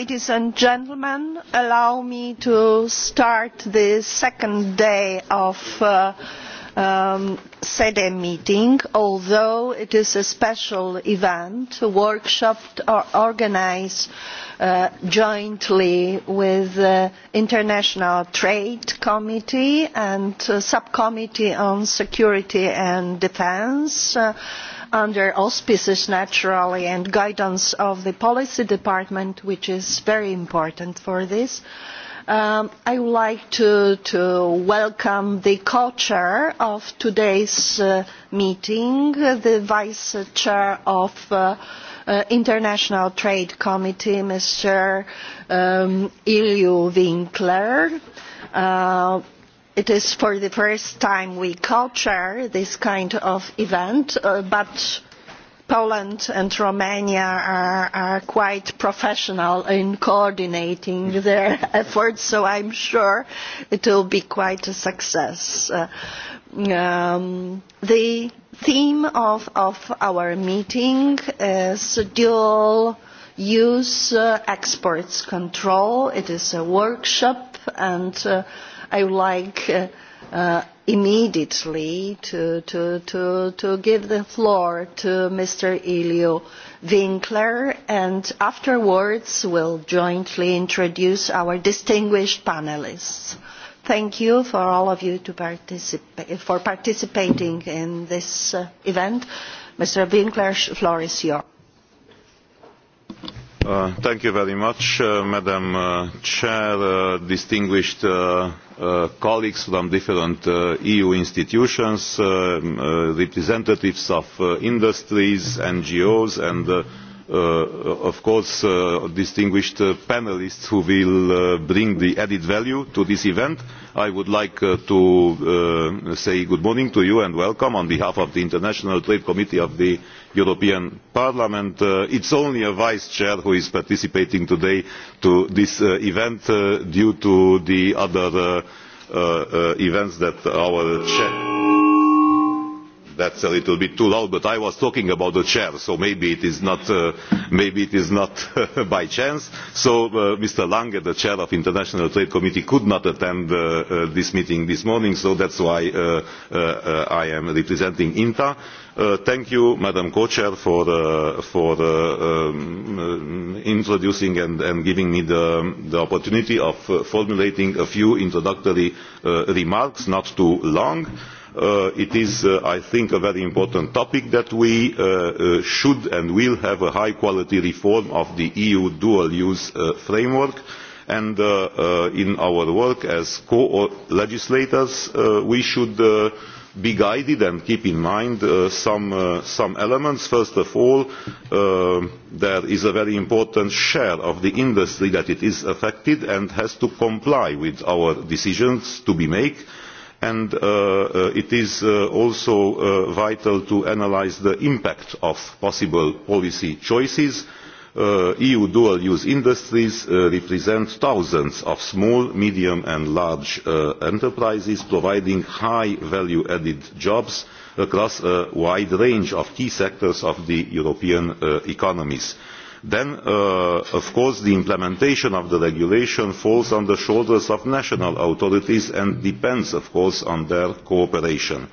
ladies and gentlemen allow me to start the second day of the uh, um, sede meeting although it is a special event a workshop organised uh, jointly with the uh, international trade committee and the subcommittee on security and defence under auspices naturally and guidance of the policy department which is very important for this. Um, I would like to, welcome the co-chair of today's uh, meeting, the vice chair of the uh, uh, International Trade Committee, Mr. Um, Ilju Winkler it is for the first time we co chair this kind of event uh, but poland and romania are, are quite professional in coordinating hmm. their efforts so I'm sure it will be quite a success. Uh, um, the theme of, of our meeting is dual use uh, exports control. it is a workshop and uh, I would like uh, uh, immediately to, to, to, to give the floor to Mr. Elio Winkler, and afterwards we'll jointly introduce our distinguished panelists. Thank you for all of you to for participating in this uh, event. Mr. Winkler, floor is yours. Uh, thank you very much, uh, Madam uh, Chair, uh, distinguished uh, uh, colleagues from different uh, EU institutions, uh, uh, representatives of uh, industries, NGOs, and uh, uh, of course, uh, distinguished uh, panelists who will uh, bring the added value to this event. I would like uh, to uh, say good morning to you and welcome on behalf of the International Trade Committee of the european parliament. Uh, it is only a vice chair who is participating today in this uh, event uh, due to the other events that our chair that's a little bit too loud, but I was talking about the chair, so maybe it is not, uh, maybe it is not by chance. So uh, Mr. Lange, the chair of International Trade Committee, could not attend uh, uh, this meeting this morning, so that's why uh, uh, uh I am representing INTA. Uh, thank you, Madam Co-Chair, for, uh, for uh, um, uh, introducing and, and giving me the, the opportunity of uh, formulating a few introductory remarks, not too long. Uh, it is uh, i think a very important topic that we uh, should and will have a high quality reform of the eu dual use framework and in our work as co legislators we should be guided and keep in mind some, some elements. first of all there is a very important share of the industry that is affected and has to comply with our decisions to be made and uh, uh, it is uh, also vital to analyse the impact of possible policy choices. eu dual use industries represent thousands of small medium and large enterprises providing high value added jobs across a wide range of key sectors of the european economies then uh, of course the implementation of the regulation falls on the shoulders of national authorities and depends of course on their cooperation.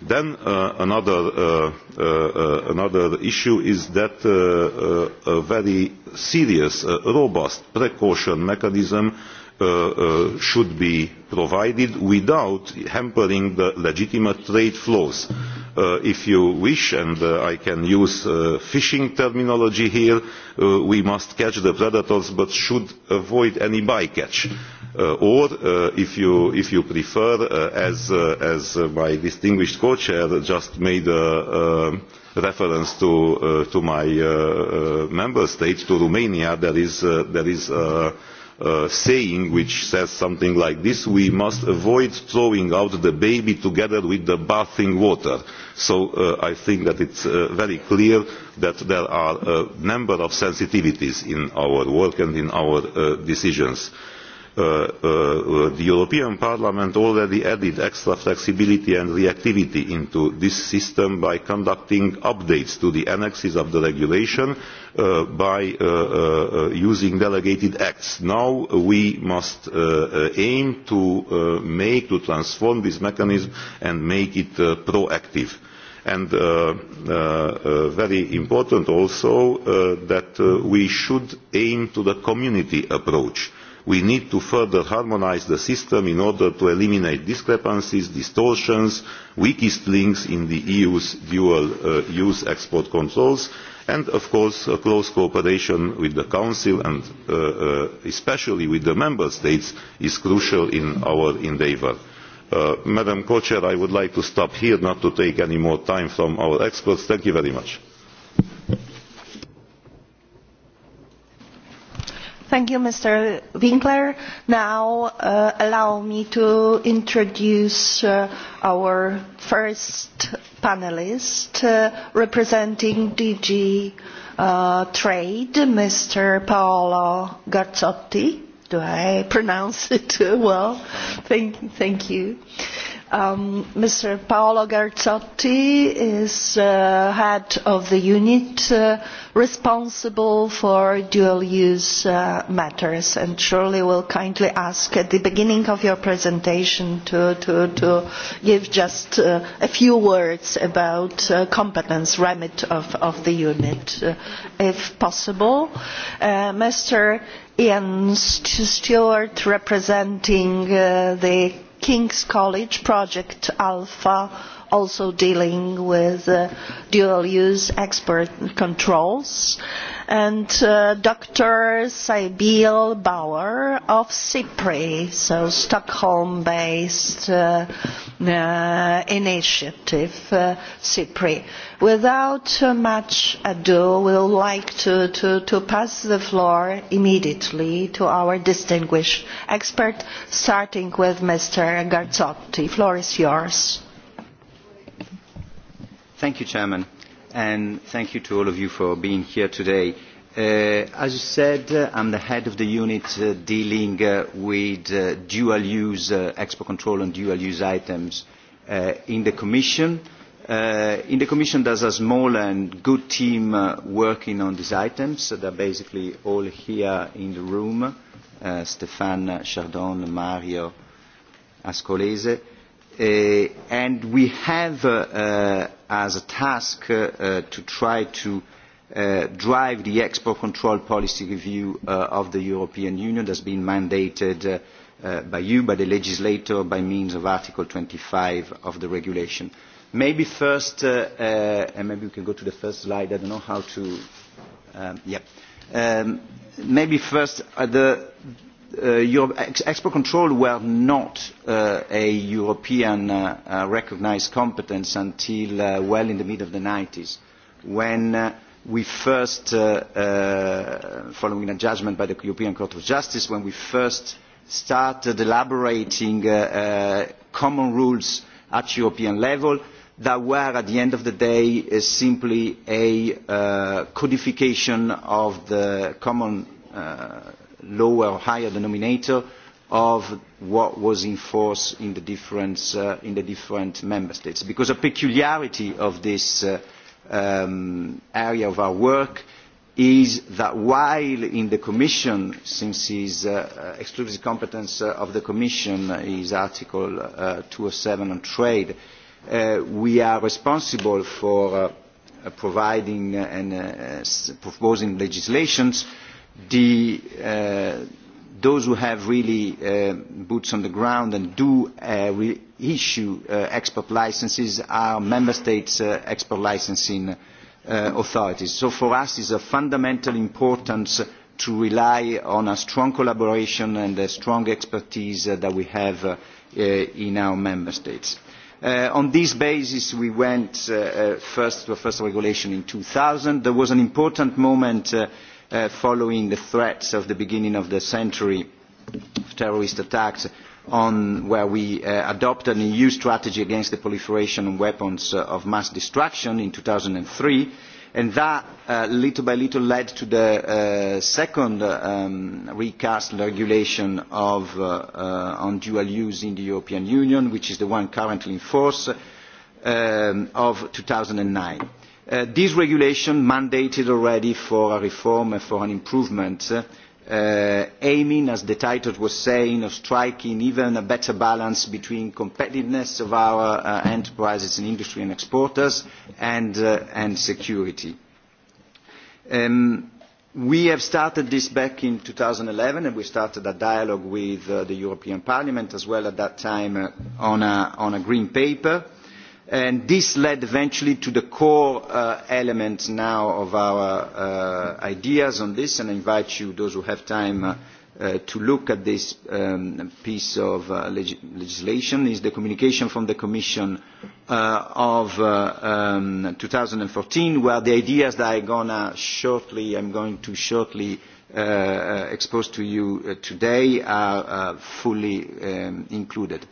Then uh, another, uh, uh, uh another, issue is that uh, a very serious, robust precaution mechanism Uh, uh, should be provided without hampering the legitimate trade flows. Uh, if you wish and i can use fishing terminology here we must catch the predators but should avoid any by catch. Uh, or uh, if, you, if you prefer uh, as, as my distinguished co chair just made a, a reference to, to my member state to romania there is, there is Uh, saying which says something like this we must avoid throwing out the baby together with the bathing water. so uh, i think that it is uh, very clear that there are a number of sensitivities in our work and in our decisions the European Parliament already added extra flexibility and reactivity into this system by conducting updates to the annexes of the regulation uh, by uh, uh, using delegated acts. Now we must aim to make, to transform this mechanism and make it proactive and very important also that we should aim to the community approach we need to further harmonise the system in order to eliminate discrepancies distortions weakest links in the eu's dual uh, use export controls and of course close cooperation with the council and uh, uh, especially with the member states is crucial in our endeavour. madam co chair i would like to stop here not to take any more time from our experts. thank you very much. Thank you, Mr. Winkler. Now, uh, allow me to introduce uh, our first panelist uh, representing DG uh, Trade, Mr. Paolo Garzotti. Do I pronounce it well? Thank, thank you. Uh, Mr. Um, Paolo Garzotti is uh, head of the unit uh, responsible for dual-use uh, matters and surely will kindly ask at the beginning of your presentation to, give just a few words about uh, competence remit of, the unit, if possible. Mr. Ian Stewart representing the King's College Project Alpha also dealing with uh, dual use export controls and uh, Dr. Sybil Bauer of CIPRI, so Stockholm based uh, initiative CIPRI. Without much ado, we would like to, to, to pass the floor immediately to our distinguished expert, starting with Mr. Garzotti. The floor is yours. Thank you, Chairman, and thank you to all of you for being here today. Uh, as you said, uh, I'm the head of the unit uh, dealing uh, with uh, dual-use uh, export control and dual-use items uh, in the Commission. Uh, in the Commission, there's a small and good team uh, working on these items. So they're basically all here in the room, uh, Stefan Chardon, Mario, Ascolese Uh, and we have uh, uh, as a task uh, uh, to try to uh, drive the export control policy review of the European Union that has been mandated by you, by the legislator, by means of Article 25 of the regulation. Maybe first, and maybe we can go to the first slide, I don't know how to, um, yeah. Um, maybe first, the, Uh, your export control were not uh, a European uh, recognised competence until well in the mid of the 90s, when we first, following a judgment by the European Court of Justice, when we first started elaborating common rules at European level that were, at the end of the day, simply a codification of the common lower or higher denominator of what was in force in the different, uh, in the different member states. Because a peculiarity of this uh, um, area of our work is that while in the Commission, since his uh, uh exclusive competence uh, of the Commission is Article uh, 207 on trade, uh, we are responsible for uh, providing and uh, proposing legislations uh, the, uh, those who have really uh, boots on the ground and do uh, re issue uh, export licenses are member states' uh, export licensing uh, authorities. So for us it's of fundamental importance to rely on a strong collaboration and a strong expertise uh, that we have uh, in our member states. Uh, on this basis we went uh, uh first to a first regulation in 2000. There was an important moment uh, Uh, following the threats of the beginning of the century terrorist attacks on where we uh, adopted an EU strategy against the proliferation of weapons uh, of mass destruction in 2003 and that little by little led to the second um, recast regulation of, on dual use in the European Union, which is the one currently in force um, thousand of 2009 Uh, this regulation mandated already for a reform and for an improvement uh, uh, aiming as the title was saying of striking even a better balance between competitiveness of our uh, enterprises and industry and exporters and, uh, and security. Um, we have started this back in 2011 and we started a dialogue with uh, the European Parliament as well at that time uh, on, a, on a green paper and this led eventually to the core uh, element now of our uh, ideas on this and I invite you, those who have time, uh, uh, to look at this um, piece of uh, leg legislation is the communication from the Commission uh, of uh, um, 2014 where the ideas that I'm, gonna shortly, I'm going to shortly uh, uh expose to you uh, today are uh, fully um, included. Uh,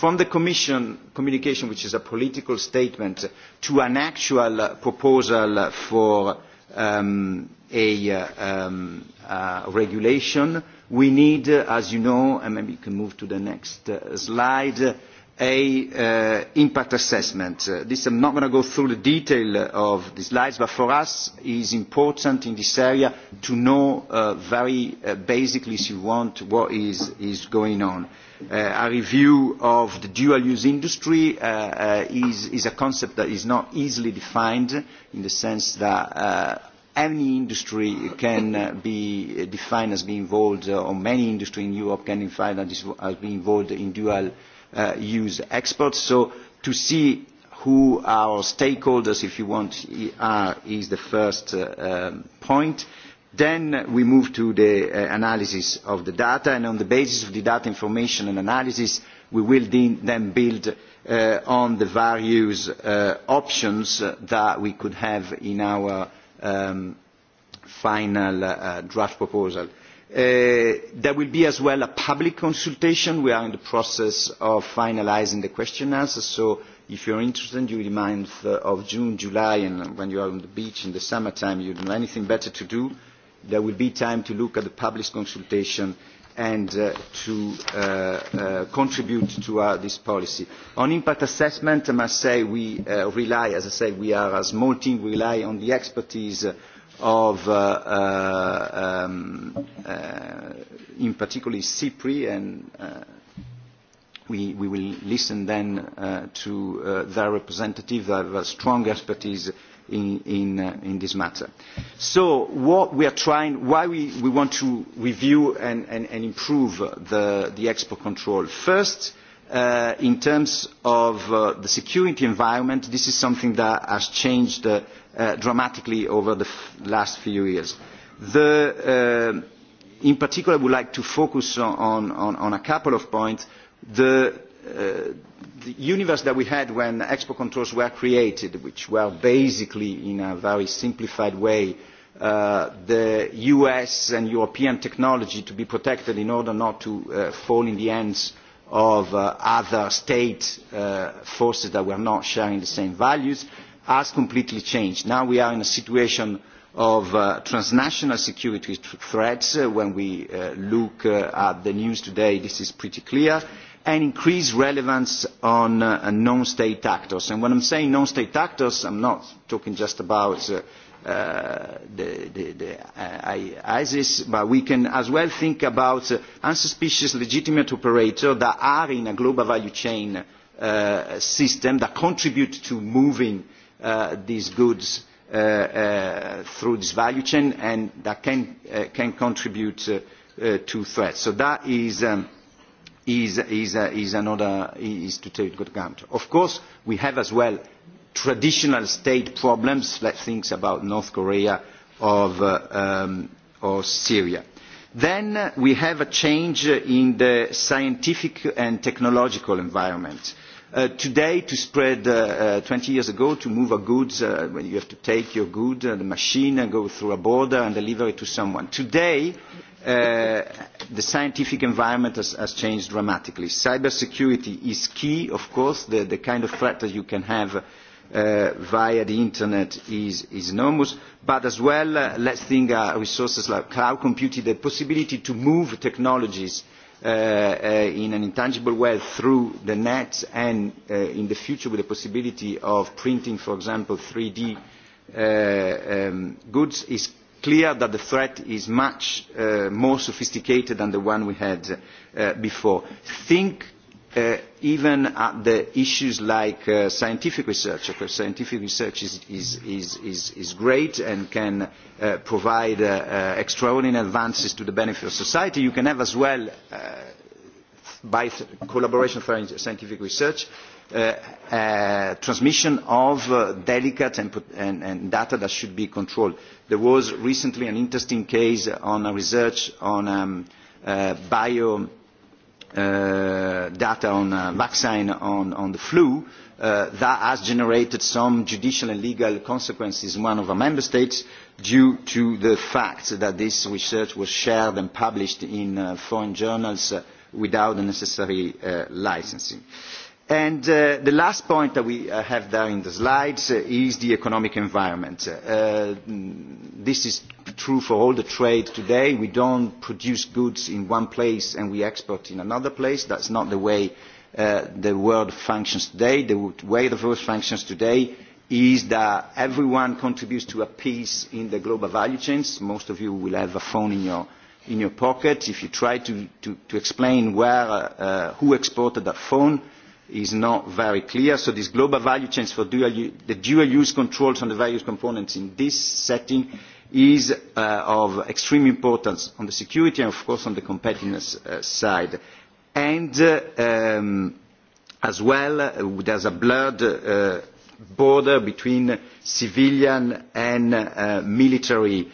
from the Commission communication, which is a political statement, to an actual proposal for um, a uh, um, uh, regulation, we need, uh, as you know, and maybe you can move to the next uh, slide, a uh, impact assessment. Uh, i am not going to go through the detail of the slides, but for us it is important in this area to know uh, very basically, if you want, what is, going on. a review of the dual-use industry is, a concept that is not easily defined in the sense that any industry can be defined as being involved, or many industries in Europe can be defined as being involved in dual Uh, use experts. So to see who our stakeholders, if you want, are is the first uh, um, point. Then we move to the uh, analysis of the data, and on the basis of the data information and analysis, we will then build on the various options that we could have in our um, final draft proposal. Uh, there will be as well a public consultation. We are in the process of finalising the question answers, so if you are interested during the month of June, July, and when you are on the beach in the summer summertime, you don't have anything better to do, there will be time to look at the public consultation and uh, to uh, contribute to this policy. On impact assessment, I must say we rely, as I said, we are a small team, we rely on the expertise of, uh, uh, um, uh, in particular, CIPRI, and uh, we, we will listen then uh, to uh, their representative that have strong expertise in, in, uh, in this matter. So what we are trying, why we, we want to review and, and, and improve the, the export control. First, uh, in terms of uh, the security environment, this is something that has changed uh, Uh, dramatically over the last few years. The, uh, in particular, I would like to focus on, on, on a couple of points. The, uh, the universe that we had when export controls were created, which were basically, in a very simplified way, Uh, the us and european technology to be protected in order not to uh, fall in the hands of uh, other state uh, forces that were not sharing the same values has completely changed. Now we are in a situation of uh, transnational security threats. Uh, when we uh, look at the news today, this is pretty clear, and increased relevance on non-state actors. And when I'm saying non-state actors, I'm not talking just about the ISIS, but we can as well think about unsuspicious legitimate operators that are in a global value chain system that contribute to moving Uh, these goods uh, uh, through this value chain and that can, uh, can contribute uh, uh, to threats. So that is, um, is, is, uh, is another is to take into account. Of course, we have as well traditional state problems, like things about North Korea of, uh, um, or Syria. Then uh, we have a change in the scientific and technological environment Uh, today to spread uh, uh, 20 years ago to move a goods uh, when you have to take your good uh, the machine and go through a border and deliver it to someone today uh, the scientific environment has, has changed dramatically cybersecurity is key of course the, the kind of threat that you can have uh, via the internet is, is enormous, but as well, uh, let's think uh, resources like cloud computing, the possibility to move technologies uh, Uh, uh, in an intangible way through the net and uh, in the future with the possibility of printing, for example, 3D uh, um, goods, is clear that the threat is much more sophisticated than the one we had before. Think uh, even at the issues like uh, scientific research, because scientific research is, is, is, is, is great and can uh, provide uh, uh, extraordinary advances to the benefit of society, you can have as well, uh, by th collaboration for scientific research, uh, uh, transmission of uh, delicate and, and, and data that should be controlled. There was recently an interesting case on a research on um, uh, bio uh, data on uh, vaccine on, on the flu, uh, that has generated some judicial and legal consequences in one of our member states due to the fact that this research was shared and published in uh, foreign journals uh, without the necessary uh, licensing. And uh, the last point that we uh, have there in the slides uh, is the economic environment. Uh, this is true for all the trade today. We don't produce goods in one place and we export in another place. That's not the way uh, the world functions today. The way the world functions today is that everyone contributes to a piece in the global value chains. Most of you will have a phone in your, in your pocket. If you try to, to, to explain where, uh, who exported that phone, is not very clear. So these global value chains for dual, the dual use controls on the various components in this setting is uh, of extreme importance on the security and of course on the competitiveness uh, side and uh, um, as well there is a blurred border between civilian and military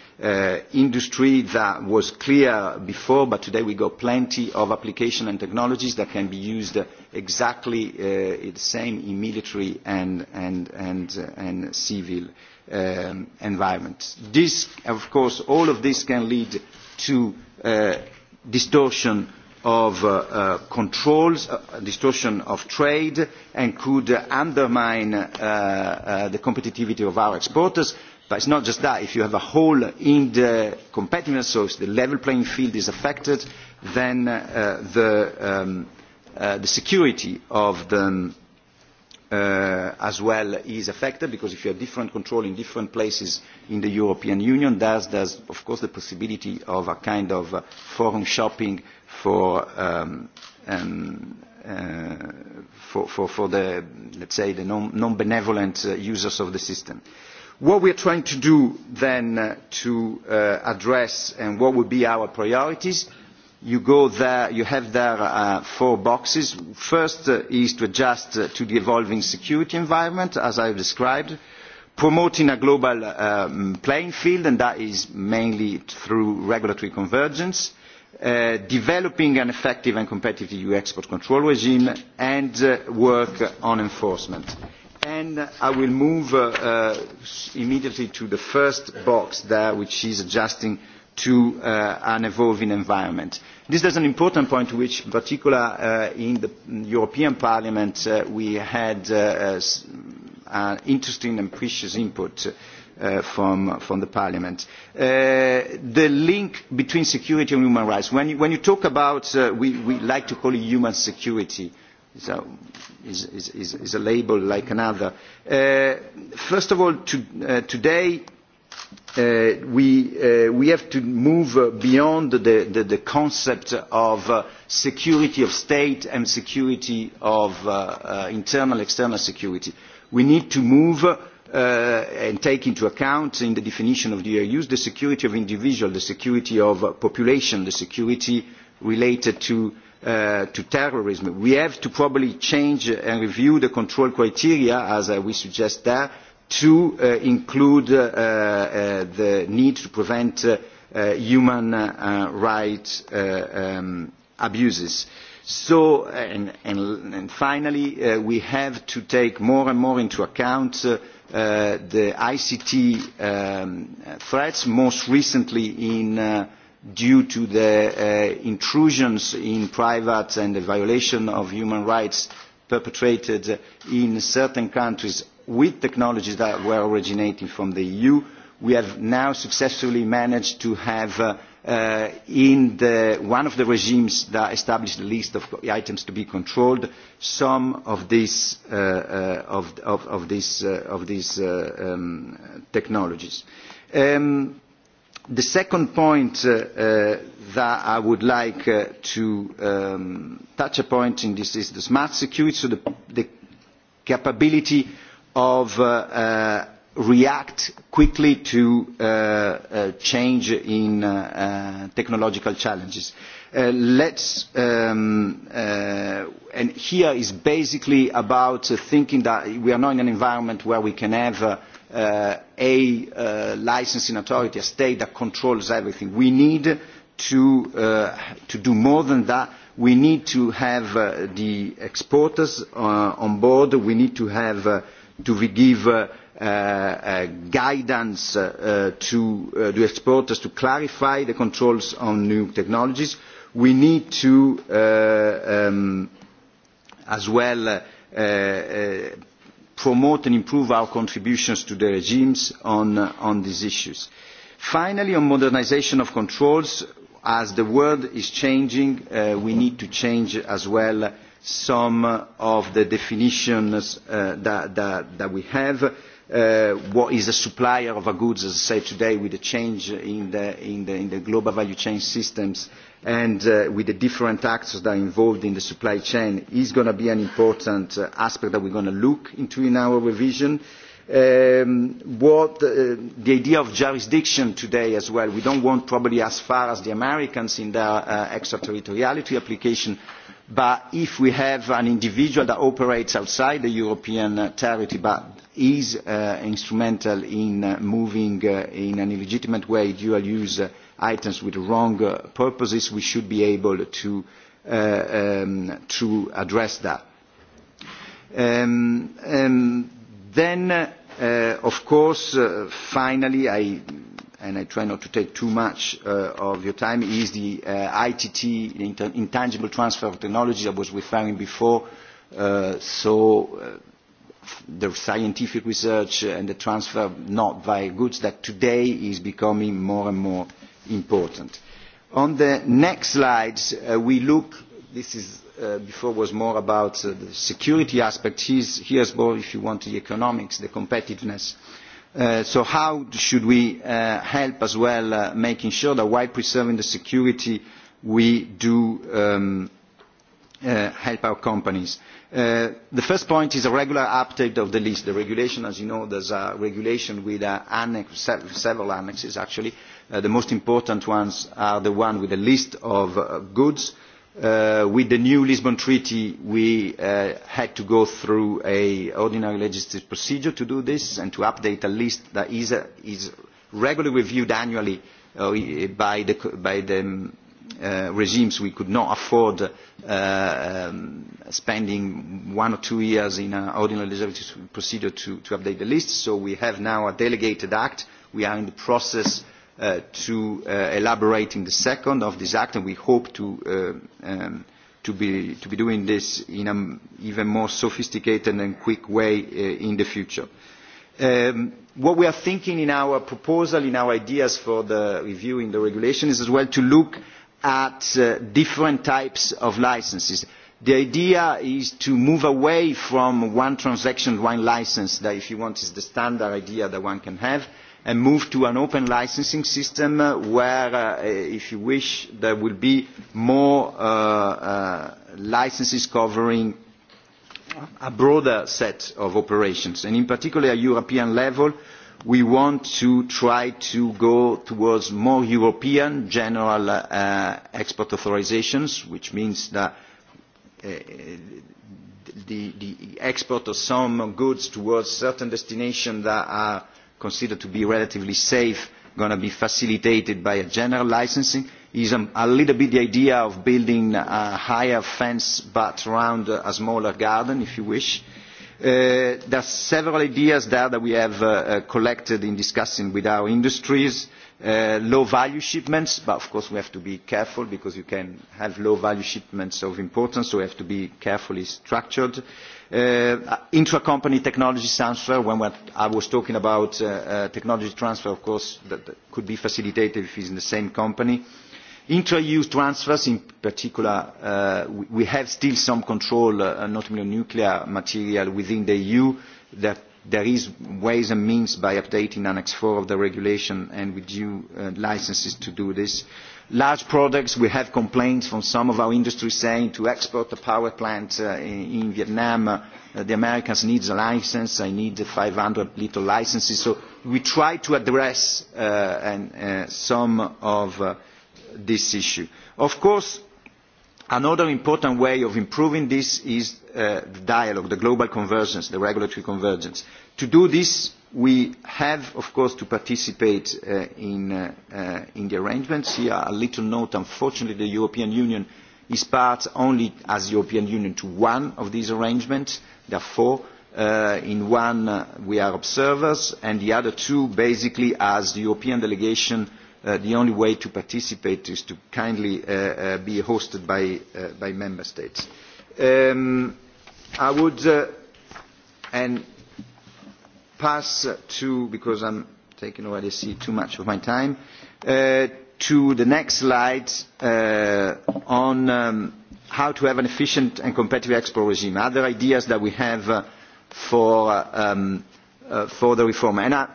industry that was clear before but today we have plenty of applications and technologies that can be used exactly the same in military and, and, and, and civil Um, environment. This, of course, all of this can lead to uh, distortion of uh, uh, controls, distortion of trade, and could undermine the competitiveness of our exporters. But it's not just that. If you have a hole in the competitiveness, so the level playing field is affected, then the, um, the security of the Uh, as well is affected because if you have different control in different places in the European Union, there's, there's of course the possibility of a kind of uh, forum shopping for, um, um, uh, for, for, for the, let's say, the non-benevolent non uh, users of the system. What we are trying to do then uh, to uh, address and what would be our priorities you go there you have there uh, four boxes first uh, is to adjust uh, to the evolving security environment as i have described promoting a global um, playing field and that is mainly through regulatory convergence uh, developing an effective and competitive eu export control regime and uh, work on enforcement. And i will move uh, immediately to the first box there which is adjusting to uh, an evolving environment. This is an important point which, in particular, uh, in the European Parliament, uh, we had uh, an uh, interesting and precious input uh, from, from the Parliament. Uh, the link between security and human rights. When you, when you talk about, uh, we, we like to call it human security, is is, is, is, is a label like another. Uh, first of all, to, uh, today Uh, uh, we, have to move beyond the, concept of uh, security of state and security of internal and external security. we need to move and take into account in the definition of the eus the security of individuals the security of population, the security related to terrorism. we have to probably change and review the control criteria as we suggest there to uh, include uh, uh, the need to prevent uh, uh, human uh, rights um, abuses. So, and, and, and finally, we have to take more and more into account the ICT um, threats, most recently in, due to the intrusions in private and the violation of human rights perpetrated in certain countries with technologies that were originating from the EU, we have now successfully managed to have uh, uh, in the, one of the regimes that established the list of items to be controlled some of these, uh, uh, of, of, of these, uh, of these uh, um, technologies. Um, the second point uh, uh, that I would like uh, to um, touch upon in this is the smart security, so the, the capability of uh, uh, react quickly to uh, uh, change in uh, uh, technological challenges. Uh, let's, um, uh, and here is basically about uh, thinking that we are not in an environment where we can have uh, uh, a uh, licensing authority, a state that controls everything. We need to, uh, to do more than that. We need to have uh, the exporters uh, on board. We need to have uh, to give uh, uh, uh, guidance uh, uh to the uh, exporters to clarify the controls on new technologies. We need to um, as well promote and improve our contributions to the regimes on, on these issues. Finally, on modernisation of controls, as the world is changing, we need to change as well some of the definitions uh, that, that, that we have. Uh, what is a supplier of a goods, as I say today, with the change in the, in the, in the global value chain systems and uh, with the different actors that are involved in the supply chain is going to be an important uh, aspect that we're going to look into in our revision. Um, what, uh, the idea of jurisdiction today as well, we don't want probably as far as the Americans in their uh, extraterritoriality application, but if we have an individual that operates outside the European uh, territory but is uh, instrumental in uh, moving uh, in an illegitimate way dual use uh, items with wrong uh, purposes, we should be able to, uh, um, to address that. Um, um, then, uh, of course, uh, finally, I and I try not to take too much uh, of your time, is the uh, ITT, the inter- intangible transfer of technology I was referring before. Uh, so uh, the scientific research and the transfer not via goods that today is becoming more and more important. On the next slides, uh, we look, this is, uh, before was more about uh, the security aspect. Here's, here's more, if you want, the economics, the competitiveness. Uh, Uh, so how should we uh, help as well in uh, making sure that while preserving the security we do um, help our companies? the first point is a regular update of the list. The regulation, as you know, is a regulation with several annexes actually. the most important ones are the ones with a list of goods Uh, with the new lisbon treaty we uh, had to go through an ordinary legislative procedure to do this and to update a list that is, uh, regularly reviewed annually by the, um, regimes. we could not afford um, spending one or two years in an ordinary legislative procedure to, to update the list so we have now a delegated act. we are in the process of Uh, to elaborate uh, elaborating the second of this act, and we hope to, uh, um, to, be, to be doing this in an even more sophisticated and quick way uh, in the future. Um, what we are thinking in our proposal, in our ideas for the review in the regulation is as well to look at uh, different types of licenses. The idea is to move away from one transaction, one license, that if you want is the standard idea that one can have, and move to an open licensing system uh, where, uh, if you wish, there will be more licences uh, licenses covering a broader set of operations. And in particular, at European level, we want to try to go towards more European general export authorisations, which means that the, the export of some goods towards certain destinations that are considered to be relatively safe going to be facilitated by a general licensing is a, little bit the idea of building a higher fence but around a smaller garden if you wish. Uh, there are several ideas there that we have uh, uh, collected in discussing with our industries. Uh, low value shipments, but of course we have to be careful because you can have low value shipments of importance, so we have to be carefully structured. Uh, Uh, intra-company technology transfer, when I was talking about uh, uh, technology transfer, of course, that, that could be facilitated if it's in the same company. Intra-EU transfers, in particular, uh, we, we have still some control, uh, notably on nuclear material within the EU. That there is ways and means by updating Annex 4 of the regulation and with due uh, licenses to do this large products we have complaints from some of our industries saying to export a power plant uh, in, vietnam uh, the americans need a licence they need five hundred little licences so we try to address uh, some of this issue of course another important way of improving this is the dialogue the global convergence the regulatory convergence to do We have, of course, to participate uh, in, uh, uh, in the arrangements. Here, a little note, unfortunately, the European Union is part only as European Union to one of these arrangements. Therefore, uh, in one uh, we are observers, and the other two, basically, as the European delegation, uh, the only way to participate is to kindly uh, uh, be hosted by, uh, by member states. Um, I would, uh, and pass to, because I'm taking already see too much of my time, uh, to the next slide uh, on um, how to have an efficient and competitive export regime, other ideas that we have uh, for, um, uh, for the reform. And uh,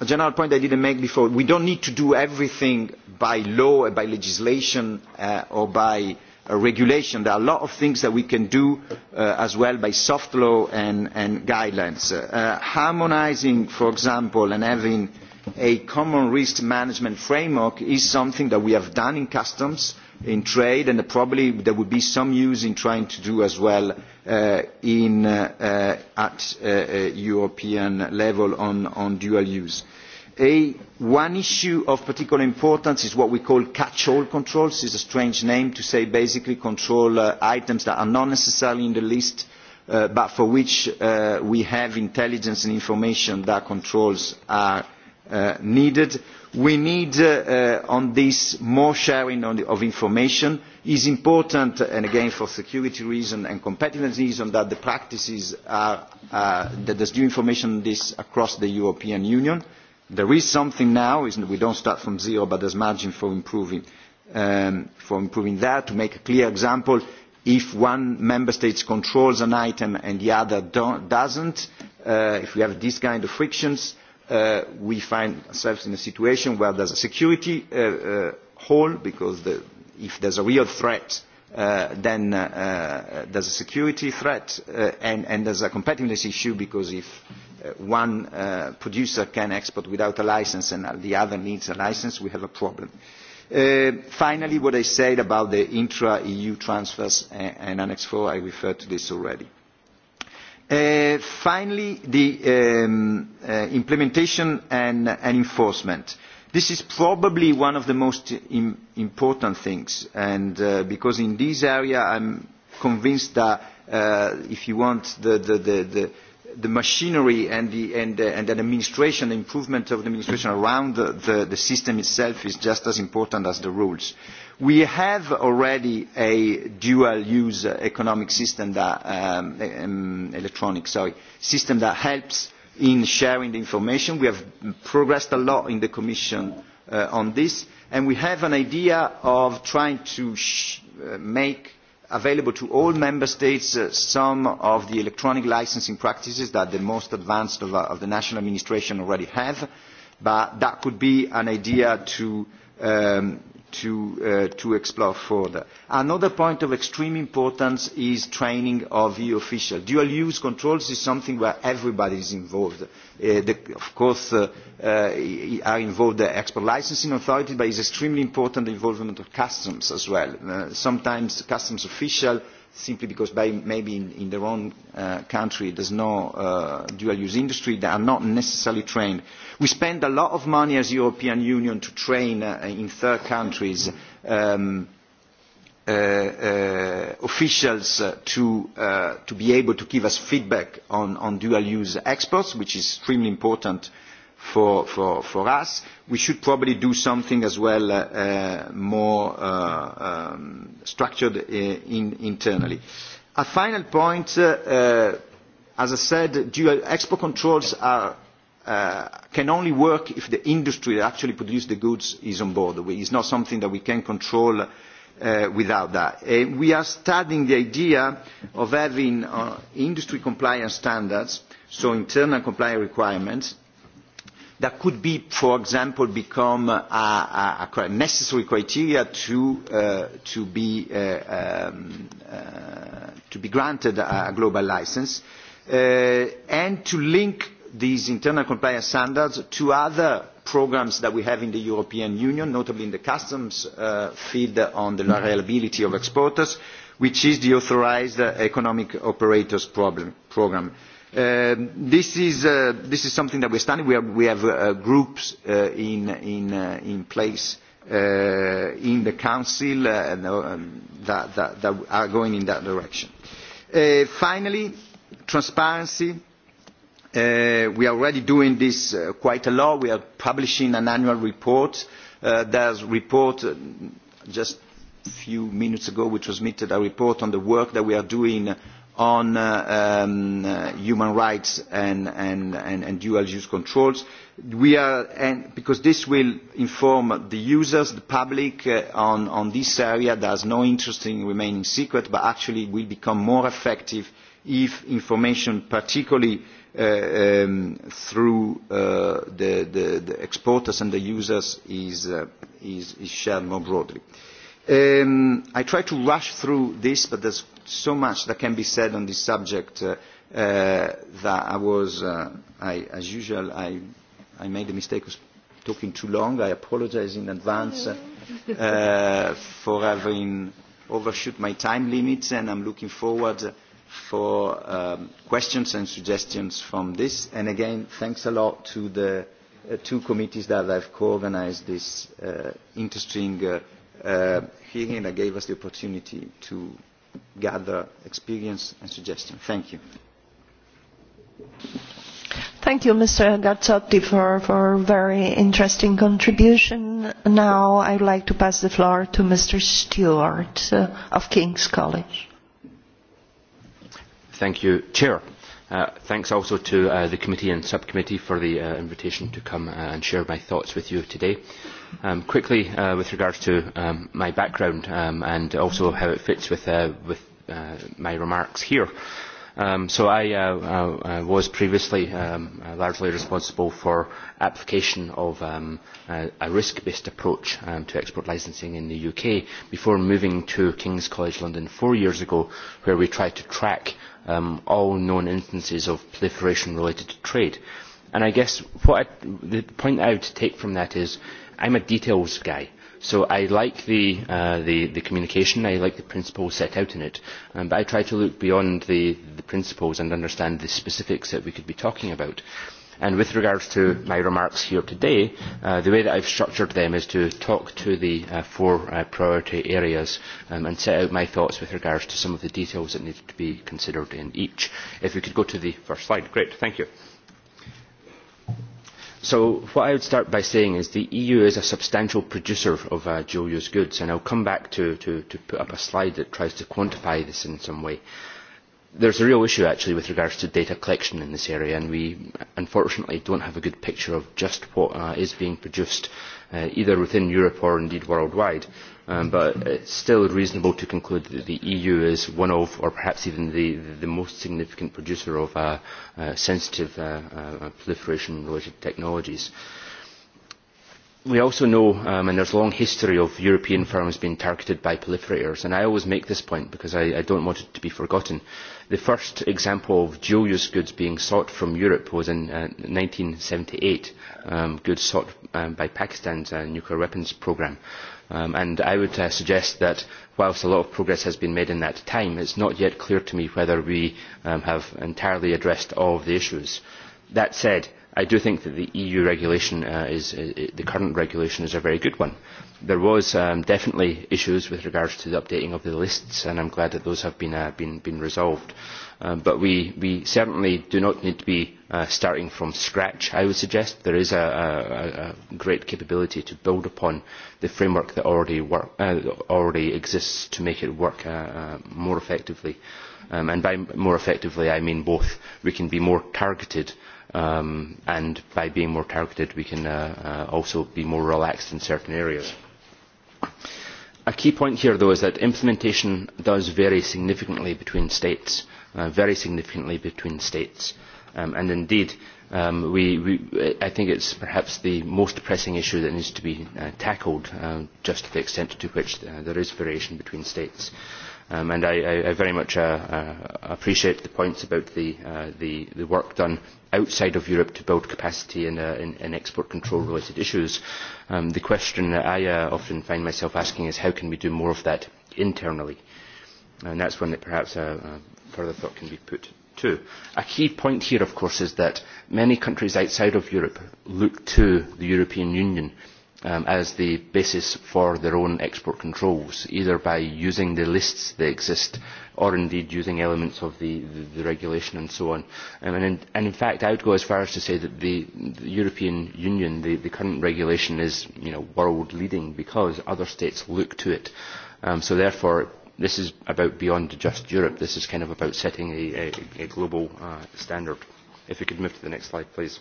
a general point I didn't make before, we don't need to do everything by law, by legislation, uh, or by regulation. There are a lot of things that we can do uh, as well by soft law and, guidelines. Uh, harmonising for example, and having a common risk management framework is something that we have done in customs, in trade, and probably there would be some use in trying to do as well uh, at European level on dual use one issue of particular importance is what we call catch all controls. which is a strange name to say basically control uh, items that are not necessarily in the list uh, but for which uh, we have intelligence and information that controls are uh, needed. we need on this more sharing of information. it is important and again for security reasons and competitiveness reasons that the practices are that there is due information on this across the european union There is something now, isn't we don't start from zero, but there's margin for improving, um, for improving that. To make a clear example, if one member state controls an item and the other don't, doesn't, uh, if we have these kind of frictions, uh, we find ourselves in a situation where there's a security uh, uh, hole, because the, if there's a real threat, uh, then uh, uh, there's a security threat, uh, and, and there's a competitiveness issue, because if uh, Uh, one uh, producer can export without a license and the other needs a license, we have a problem. Uh, finally, what I said about the intra-EU transfers and, Annex IV, I referred to this already. finally, the um, implementation and, enforcement. This is probably one of the most important things, and because in this area I'm convinced that if you want the, the machinery and the, and, uh, and the administration, the improvement of the administration around the, the, the system itself is just as important as the rules. We have already a dual-use economic system that, um, um, electronic, sorry, system that helps in sharing the information. We have progressed a lot in the Commission uh, on this, and we have an idea of trying to sh uh, make available to all member states uh, some of the electronic licensing practices that the most advanced uh, of, the national administration already have, but that could be an idea to um, to, uh, to explore further. Another point of extreme importance is training of EU officials. Dual-use controls is something where everybody is involved. Uh, the, of course, uh, uh, are involved the export licensing authority, but it's extremely important the involvement of customs as well. Uh, sometimes customs officials simply because by, maybe in, in their own uh, country there's no uh, dual-use industry, they are not necessarily trained. We spend a lot of money as European Union to train uh, in third countries um, uh, uh, officials uh, to, uh, to be able to give us feedback on, on dual-use exports, which is extremely important uh, for, for, for us. We should probably do something as well uh, uh, more uh, um, structured uh, in, internally. A final point, uh, uh, as I said, dual export controls are, uh, can only work if the industry that actually produces the goods is on board. It's not something that we can control uh, without that. Uh, we are studying the idea of having uh, industry compliance standards, so internal compliance requirements, that could be, for example, become a, a necessary criteria to, uh, to, be, uh, um, uh, to be granted a global license, uh, and to link these internal compliance standards to other programmes that we have in the European Union, notably in the customs uh, field on the liability of exporters, which is the authorised uh, economic operators problem, programme Um, uh, this, is, something that we are studying. We, have uh, groups uh, in, place in the council um, that, are going in that direction. finally, transparency. We are already doing this quite a lot. We are publishing an annual report. there There's a report just a few minutes ago, we transmitted a report on the work that we are doing on uh, um, uh, human rights and, and, and, and dual use controls. We are, and because this will inform the users, the public, uh, on, on this area. There is no interest in remaining secret, but actually will become more effective if information, particularly uh, um, through uh, the, the, the exporters and the users, is, uh, is, is shared more broadly. Uh, Um, I try to rush through this, but there's so much that can be said on this subject uh, uh, that I was, uh, as usual, I, made the mistake of talking too long. I apologise in advance mm-hmm. for having overshot my time limits, and I'm looking forward for um, questions and suggestions from this. And again, thanks a lot to the two committees that have co organised this interesting uh, he Hina gave us the opportunity to gather experience and suggestions. Thank you. Thank you, Mr. Gazzotti, for, for a very interesting contribution. Now I would like to pass the floor to Mr. Stewart uh, of King's College. Thank you, Chair. Uh, thanks also to uh, the committee and subcommittee for the uh, invitation to come uh, and share my thoughts with you today. Uh, Um, quickly, uh, with regards to um, my background um, and also how it fits with, uh, with uh, my remarks here. Um, so I uh, uh, uh was previously um, uh, largely responsible for application of um, uh, a risk-based approach um, to export licensing in the UK before moving to King's College London four years ago where we tried to track um, all known instances of proliferation related to trade I guess what I, the point I would take from that is i am a details guy. So I like the, uh, the, the communication, I like the principles set out in it, um, but I try to look beyond the, the principles and understand the specifics that we could be talking about. And with regards to my remarks here today, uh, the way that I've structured them is to talk to the uh, four uh, priority areas um, and set out my thoughts with regards to some of the details that need to be considered in each. If we could go to the first slide, great, thank you. So what I would start by saying is the EU is a substantial producer of uh, dual-use goods, and I'll come back to, to, to put up a slide that tries to quantify this in some way. There's a real issue actually with regards to data collection in this area, and we unfortunately don't have a good picture of just what uh, is being produced, uh, either within Europe or indeed worldwide um, but it's still reasonable to conclude that the EU is one of, or perhaps even the, the most significant producer of uh, uh, sensitive uh, uh, proliferation-related technologies. We also know, um, and there's a long history of European firms being targeted by proliferators, and I always make this point because I, I don't want it to be forgotten. The first example of dual-use goods being sought from Europe was in uh, 1978, um, goods sought um, by Pakistan's uh, nuclear weapons programme Um, and I would uh, suggest that whilst a lot of progress has been made in that time, it's not yet clear to me whether we um, have entirely addressed all of the issues. That said, I do think that the EU regulation uh, is, uh, the current regulation is a very good one. There was um, definitely issues with regards to the updating of the lists, and I'm glad that those have been, uh, been, been resolved. Um, but we, we certainly do not need to be uh, starting from scratch, I would suggest. There is a, a, a great capability to build upon the framework that already, work, uh, already exists to make it work uh, uh, more effectively. Um, and by more effectively, I mean both. We can be more targeted um, and by being more targeted we can uh, uh, also be more relaxed in certain areas. A key point here though is that implementation does vary significantly between states, uh, very significantly between states. Um, and indeed, um, we, we, I think it's perhaps the most pressing issue that needs to be uh, tackled, uh, just to the extent to which uh, there is variation between states. Um, and I, I, I very much uh, uh, appreciate the points about the, uh, the, the work done outside of Europe to build capacity in, uh, in, in export control related issues. Um, the question that I uh, often find myself asking is how can we do more of that internally? And that's one that perhaps uh, uh, further thought can be put to. A key point here, of course, is that many countries outside of Europe look to the European Union um, as the basis for their own export controls, either by using the lists that exist or indeed using elements of the, the, the regulation and so on. Um, and, in, and in fact, I would go as far as to say that the, the European Union, the, the current regulation is you know, world leading because other states look to it. Um, so therefore, this is about beyond just Europe. This is kind of about setting a, a, a global uh, standard. If we could move to the next slide, please.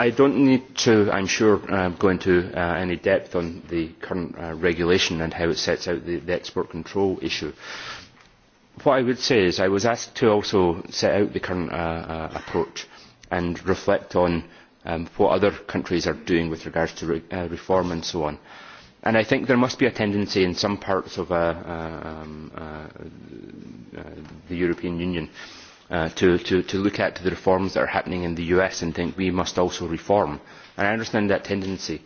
I do not need to, i am sure, uh, go into uh, any depth on the current uh, regulation and how it sets out the, export control issue. What I would say is I was asked to also set out the current approach and reflect on um, what other countries are doing with regard to reform and so on. And I think there must be a tendency in some parts of uh, um, uh, the European Union uh, Uh, to, to, to look at the reforms that are happening in the US and think we must also reform. And I understand that tendency.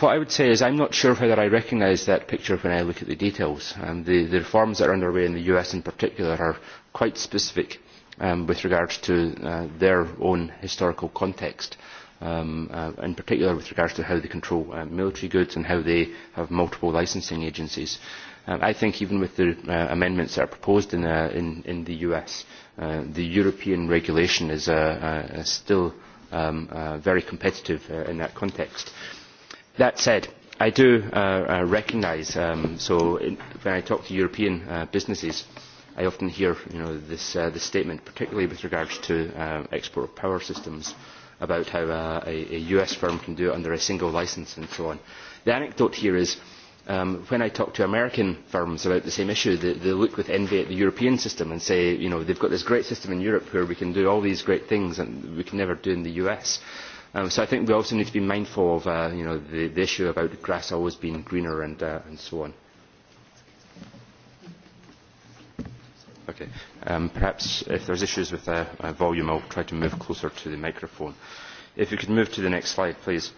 What I would say is I'm not sure whether I recognise that picture when I look at the details. Um, the, the reforms that are underway in the US in particular are quite specific um, with regards to uh, their own historical context. Um, uh, in particular with regards to how they control uh, military goods and how they have multiple licensing agencies. Um, I think even with the uh, amendments that are proposed in, uh, in, in the US, uh, the European regulation is uh, uh, still um, uh, very competitive uh, in that context. That said, I do uh, uh, recognise, um, so in, when I talk to European uh, businesses, I often hear you know, this, uh, this statement, particularly with regards to uh, export of power systems, about how uh, a, a US firm can do it under a single licence and so on. The anecdote here is Um, when I talk to American firms about the same issue, they, they look with envy at the European system and say, you know, they've got this great system in Europe where we can do all these great things and we can never do in the US. Um, so I think we also need to be mindful of, uh, you know, the, the issue about grass always being greener and, uh, and so on. Okay. Um, perhaps if there's issues with uh, uh, volume, I'll try to move closer to the microphone. If you could move to the next slide, please.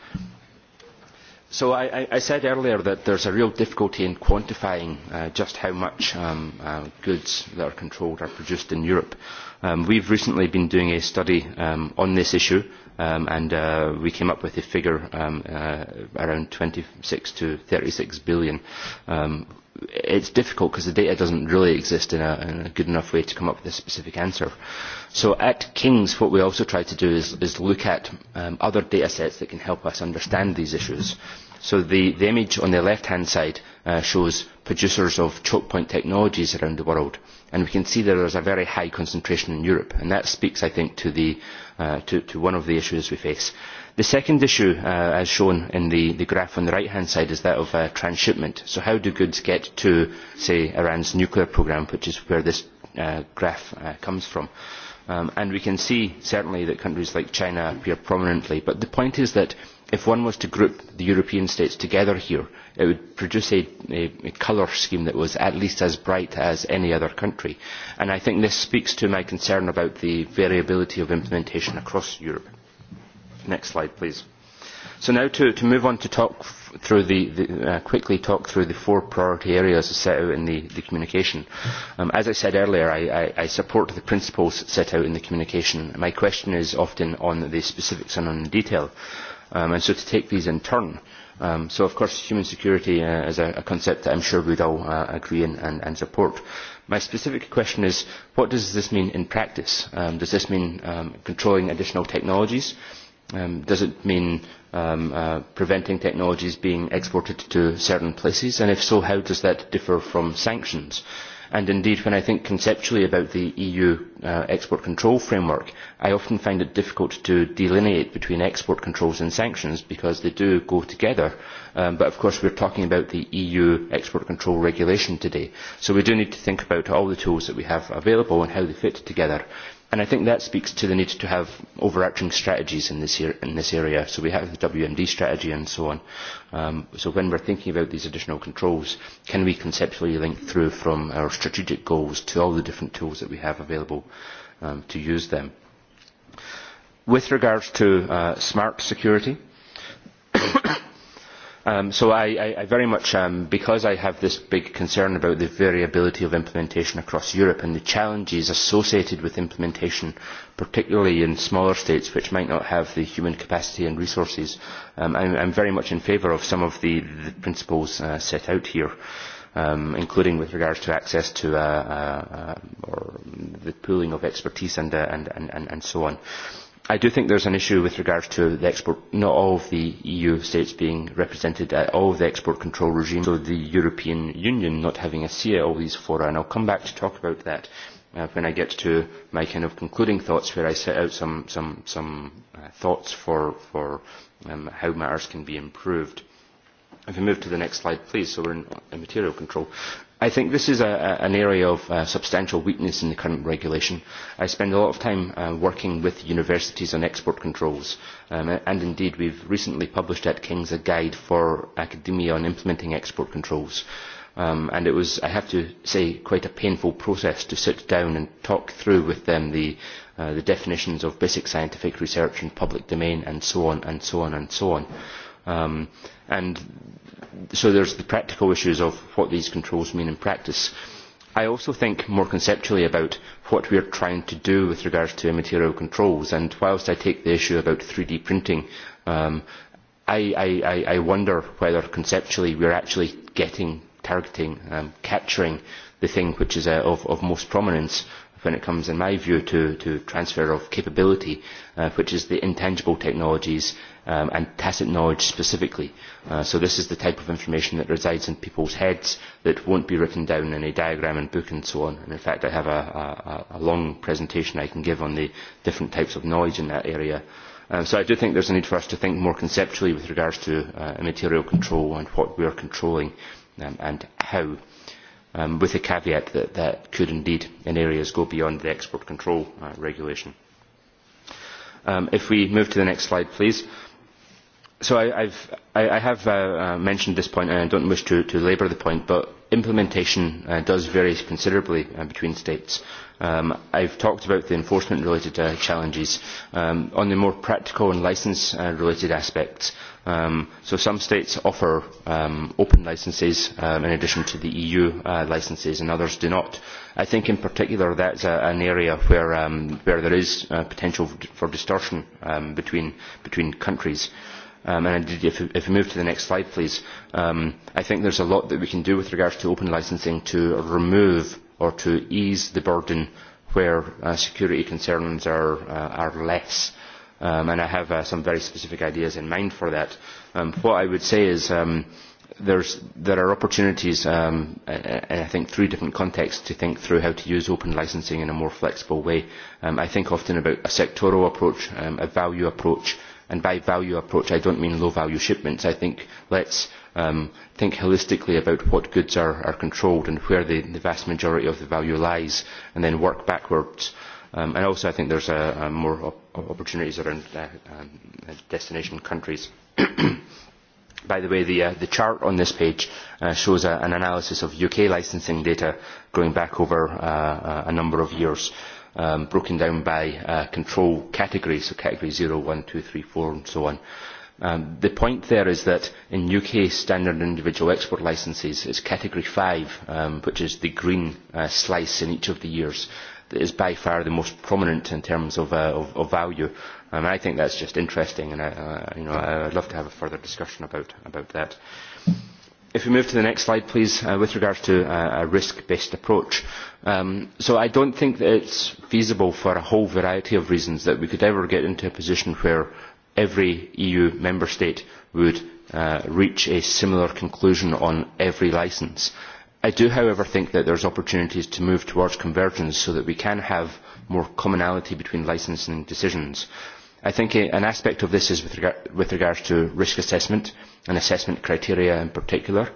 So I, said earlier that there is a real difficulty in quantifying uh, just how much um, uh, goods that are controlled are produced in Europe. Um, have recently been doing a study um, on this issue um, and uh, we came up with a figure um, uh, around 26 to 36 billion um, it's difficult because the data doesn't really exist in a, in a good enough way to come up with a specific answer. So at King's, what we also try to do is, is look at um, other data sets that can help us understand these issues. So the, the image on the left-hand side uh, shows producers of choke point technologies around the world. And we can see that there's a very high concentration in Europe. And that speaks, I think, to, the, uh, to, to one of the issues we face. The second issue, uh, as shown in the, the graph on the right-hand side, is that of uh, transshipment. So how do goods get to, say, Iran's nuclear programme, which is where this uh, graph uh, comes from? Um, and we can see, certainly, that countries like China appear prominently. But the point is that if one was to group the European states together here, it would produce a, a, a colour scheme that was at least as bright as any other country. And I think this speaks to my concern about the variability of implementation across Europe. Next slide, please. So now to, to move on to talk through the, the uh, quickly talk through the four priority areas set out in the, the communication. Um, as I said earlier, I, I, I support the principles set out in the communication. My question is often on the specifics and on the detail. Um, and so to take these in turn. Um, so of course human security uh, is a, a concept that I'm sure we'd all uh, agree in and, and support. My specific question is, what does this mean in practice? Um, does this mean um, controlling additional technologies? um, doesn't mean um, uh, preventing technologies being exported to certain places, and if so, how does that differ from sanctions? And indeed, when I think conceptually about the EU uh, export control framework, I often find it difficult to delineate between export controls and sanctions because they do go together. Um, but of course, we're talking about the EU export control regulation today. So we do need to think about all the tools that we have available and how they fit together. And I think that speaks to the need to have overarching strategies in this, in this area. So we have the WMD strategy and so on. Um, so when we're thinking about these additional controls, can we conceptually link through from our strategic goals to all the different tools that we have available um, to use them? With regards to uh, smart security, Um, so I, very much, um, because I have this big concern about the variability of implementation across Europe and the challenges associated with implementation, particularly in smaller states which might not have the human capacity and resources, i am um, very much in favour of some of the, principles uh, set out here. including with regard to access to uh, uh, or the pooling of expertise and so on. I do think there's an issue with regards to the export, not all of the EU states being represented at all of the export control regimes, so the European Union not having a say at all these fora, and I'll come back to talk about that uh, when I get to my kind of concluding thoughts where I set out some, some, some uh, thoughts for, for um, how matters can be improved. If we move to the next slide, please, so we're in, in material control. I think this is a, a, an area of uh, substantial weakness in the current regulation. I spend a lot of time uh, working with universities on export controls, um, and indeed we've recently published at King's a guide for academia on implementing export controls. Um, and it was, I have to say, quite a painful process to sit down and talk through with them the, uh, the definitions of basic scientific research and public domain and so on and so on and so on. Mm -hmm Um, and so there's the practical issues of what these controls mean in practice. I also think more conceptually about what we are trying to do with regards to immaterial controls. And whilst I take the issue about 3D printing, um, I, I, I wonder whether conceptually we are actually getting, targeting, um, capturing the thing which is uh, of, of most prominence when it comes, in my view, to, to transfer of capability, uh, which is the intangible technologies um, and tacit knowledge specifically. Uh, so this is the type of information that resides in people's heads that won't be written down in a diagram and book and so on. And in fact, I have a, a, a long presentation I can give on the different types of knowledge in that area. Um, so I do think there's a need for us to think more conceptually with regards to uh, material control and what we are controlling um, and how um, with the caveat that that could indeed, in areas, go beyond the export control uh, regulation. Um, if we move to the next slide, please. So I, I've, I, I have uh, uh, mentioned this point, and I don't wish to, to labour the point, but implementation uh, does vary considerably uh, between states. Um, I've talked about the enforcement-related uh, challenges. Um, on the more practical and licence-related uh, aspects, Um, so some states offer um, open licences um, in addition to the EU uh, licences and others do not. I think in particular that's a, an area where, um, where there is uh, potential for distortion um, between, between countries. Um, and indeed, if, if we move to the next slide, please, um, I think there's a lot that we can do with regards to open licensing to remove or to ease the burden where uh, security concerns are, uh, are less. Uh, um, and I have uh, some very specific ideas in mind for that. Um, what I would say is um, there's, there are opportunities, um, and I think three different contexts, to think through how to use open licensing in a more flexible way. Um, I think often about a sectoral approach, um, a value approach, and by value approach I don't mean low value shipments. I think let's um, think holistically about what goods are, are controlled and where the, the vast majority of the value lies, and then work backwards. Um, and also I think there's a, a more opportunities around uh, um, destination countries. By the way, the, uh, the chart on this page uh, shows a, uh, an analysis of UK licensing data going back over uh, uh, a number of years, um, broken down by uh, control categories, so category 0, 1, 2, 3, 4, and so on. Um, the point there is that in UK standard individual export licences, it's category 5, um, which is the green uh, slice in each of the years is by far the most prominent in terms of, uh, of, of value. Um, I think that's just interesting, and I, uh, you know, I'd love to have a further discussion about, about that. If we move to the next slide, please, uh, with regards to uh, a risk-based approach. Um, so I don't think that it's feasible for a whole variety of reasons that we could ever get into a position where every EU member state would uh, reach a similar conclusion on every licence. I do, however, think that there are opportunities to move towards convergence so that we can have more commonality between licensing decisions. I think an aspect of this is with, regard, with regards to risk assessment and assessment criteria in particular.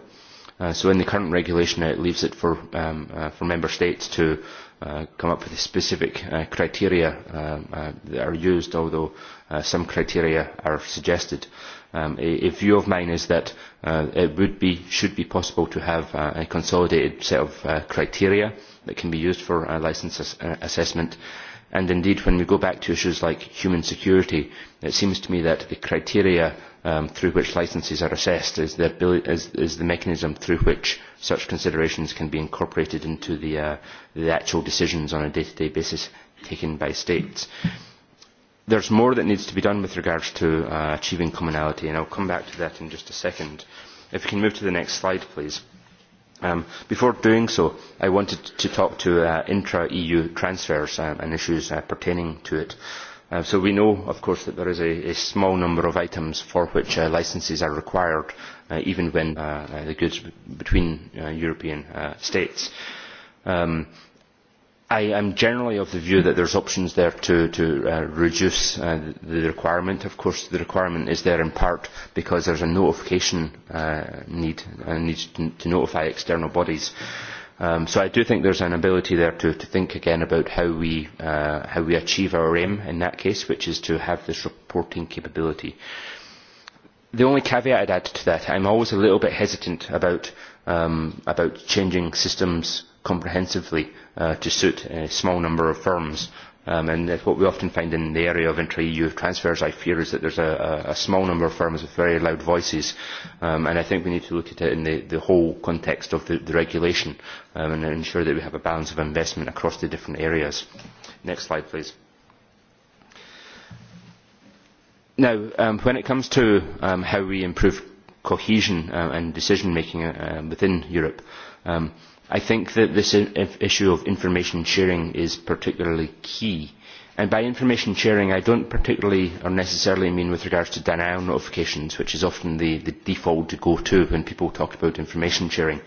Uh, so in the current regulation, it leaves it for, um, uh, for member states to uh, come up with the specific uh, criteria uh, uh, that are used, although uh, some criteria are suggested. Uh, Um, a, view of mine is that uh, it would be, should be possible to have uh, a consolidated set of uh, criteria that can be used for uh, licence assessment. And indeed, when we go back to issues like human security, it seems to me that the criteria um, through which licences are assessed is the, ability, is, is the mechanism through which such considerations can be incorporated into the, uh, the actual decisions on a day-to-day -day basis taken by states. Mm -hmm there's more that needs to be done with regards to uh, achieving commonality, and I'll come back to that in just a second. If we can move to the next slide, please. Um, before doing so, I wanted to talk to uh, intra-EU transfers um, and issues uh, pertaining to it. Uh, so we know, of course, that there is a, a small number of items for which uh, licences are required, uh, even when uh, the goods between uh, European uh, states. Um, I am generally of the view that there are options there to, to uh, reduce uh, the requirement. Of course, the requirement is there in part because there is a notification uh, need, a uh, need to, to notify external bodies. Um, so I do think there is an ability there to, to think again about how we, uh, how we achieve our aim in that case, which is to have this reporting capability. The only caveat I'd add to that, I'm always a little bit hesitant about, um, about changing systems comprehensively uh, to suit a small number of firms. Um, and that's what we often find in the area of intra-EU transfers, I fear, is that there's a, a small number of firms with very loud voices. Um, and I think we need to look at it in the, the whole context of the, the regulation um, and ensure that we have a balance of investment across the different areas. Next slide, please. Now, um, when it comes to um, how we improve cohesion uh, and decision-making uh, within Europe, um, I think that this issue of information sharing is particularly key. And by information sharing, I don't particularly or necessarily mean with regards to denial notifications, which is often the, the default to go to when people talk about information sharing.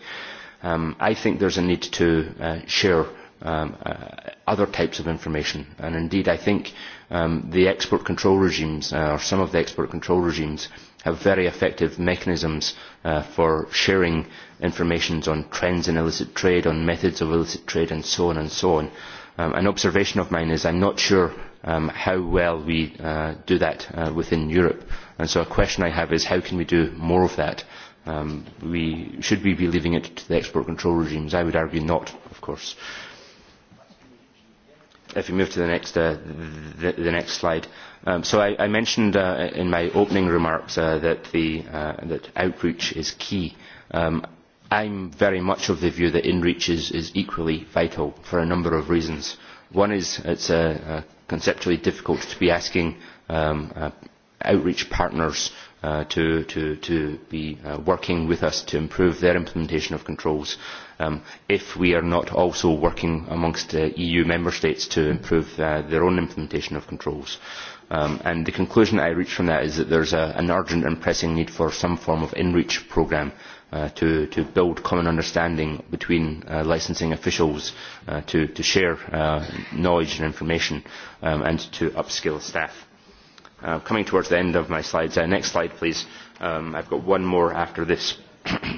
Um, I think there's a need to uh, share um, uh, other types of information. And indeed, I think um, the export control regimes, uh, or some of the export control regimes, have very effective mechanisms uh, for sharing information on trends in illicit trade, on methods of illicit trade, and so on and so on. Um, an observation of mine is I'm not sure um, how well we uh, do that uh, within Europe. And so a question I have is how can we do more of that? Um, we, should we be leaving it to the export control regimes? I would argue not, of course. If you move to the next, uh, the, the next slide. Um, so I, I mentioned uh, in my opening remarks uh, that, the, uh, that outreach is key. Um, I'm very much of the view that inReach is, is equally vital for a number of reasons. One is it's is conceptually difficult to be asking um, uh, outreach partners uh, to, be uh, working with us to improve their implementation of controls um, if we are not also working amongst EU e member states to improve their own implementation of controls. Um, and the conclusion I reach from that is that there's is an urgent and pressing need for some form of in-reach programme uh, to, to build common understanding between uh, licensing officials, uh, to, to share uh, knowledge and information, um, and to upskill staff. Uh, coming towards the end of my slides, uh, next slide please. Um, I've got one more after this.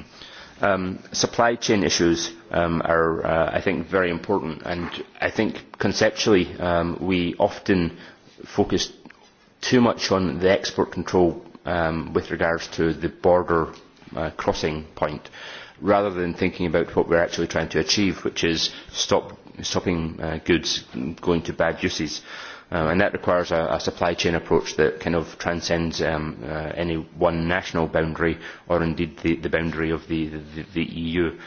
um, supply chain issues um, are, uh, I think, very important, and I think conceptually um, we often focus too much on the export control um, with regards to the border uh, crossing point rather than thinking about what we're actually trying to achieve, which is stop, stopping uh, goods going to bad uses. Uh, and that requires a, a supply chain approach that kind of transcends um, uh, any one national boundary or indeed the, the boundary of the, the, the EU.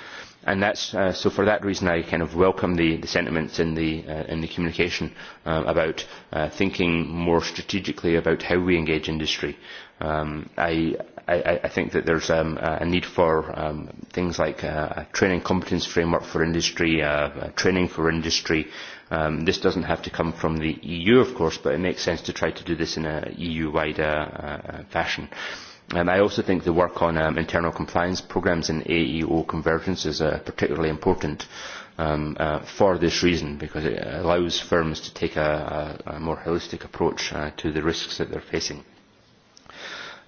And that's, uh, so for that reason I kind of welcome the, the sentiments in the, uh, in the communication uh, about uh, thinking more strategically about how we engage industry Um, I, I, I think that there's um, a need for um, things like uh, a training competence framework for industry, uh, training for industry. Um, this doesn't have to come from the EU, of course, but it makes sense to try to do this in an EU-wide uh, uh, fashion. Um, I also think the work on um, internal compliance programs and AEO convergence is uh, particularly important um, uh, for this reason, because it allows firms to take a, a, a more holistic approach uh, to the risks that they're facing.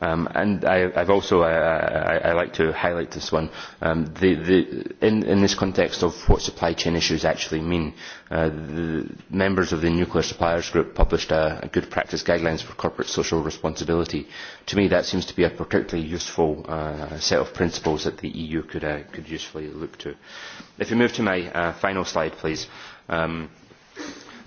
Um, and I, I've also, uh, I, I like to highlight this one, um, the, the, in, in this context of what supply chain issues actually mean, uh, the members of the Nuclear Suppliers Group published a, a Good Practice Guidelines for Corporate Social Responsibility. To me, that seems to be a particularly useful uh, set of principles that the EU could, uh, could usefully look to. If you move to my uh, final slide, please. Um,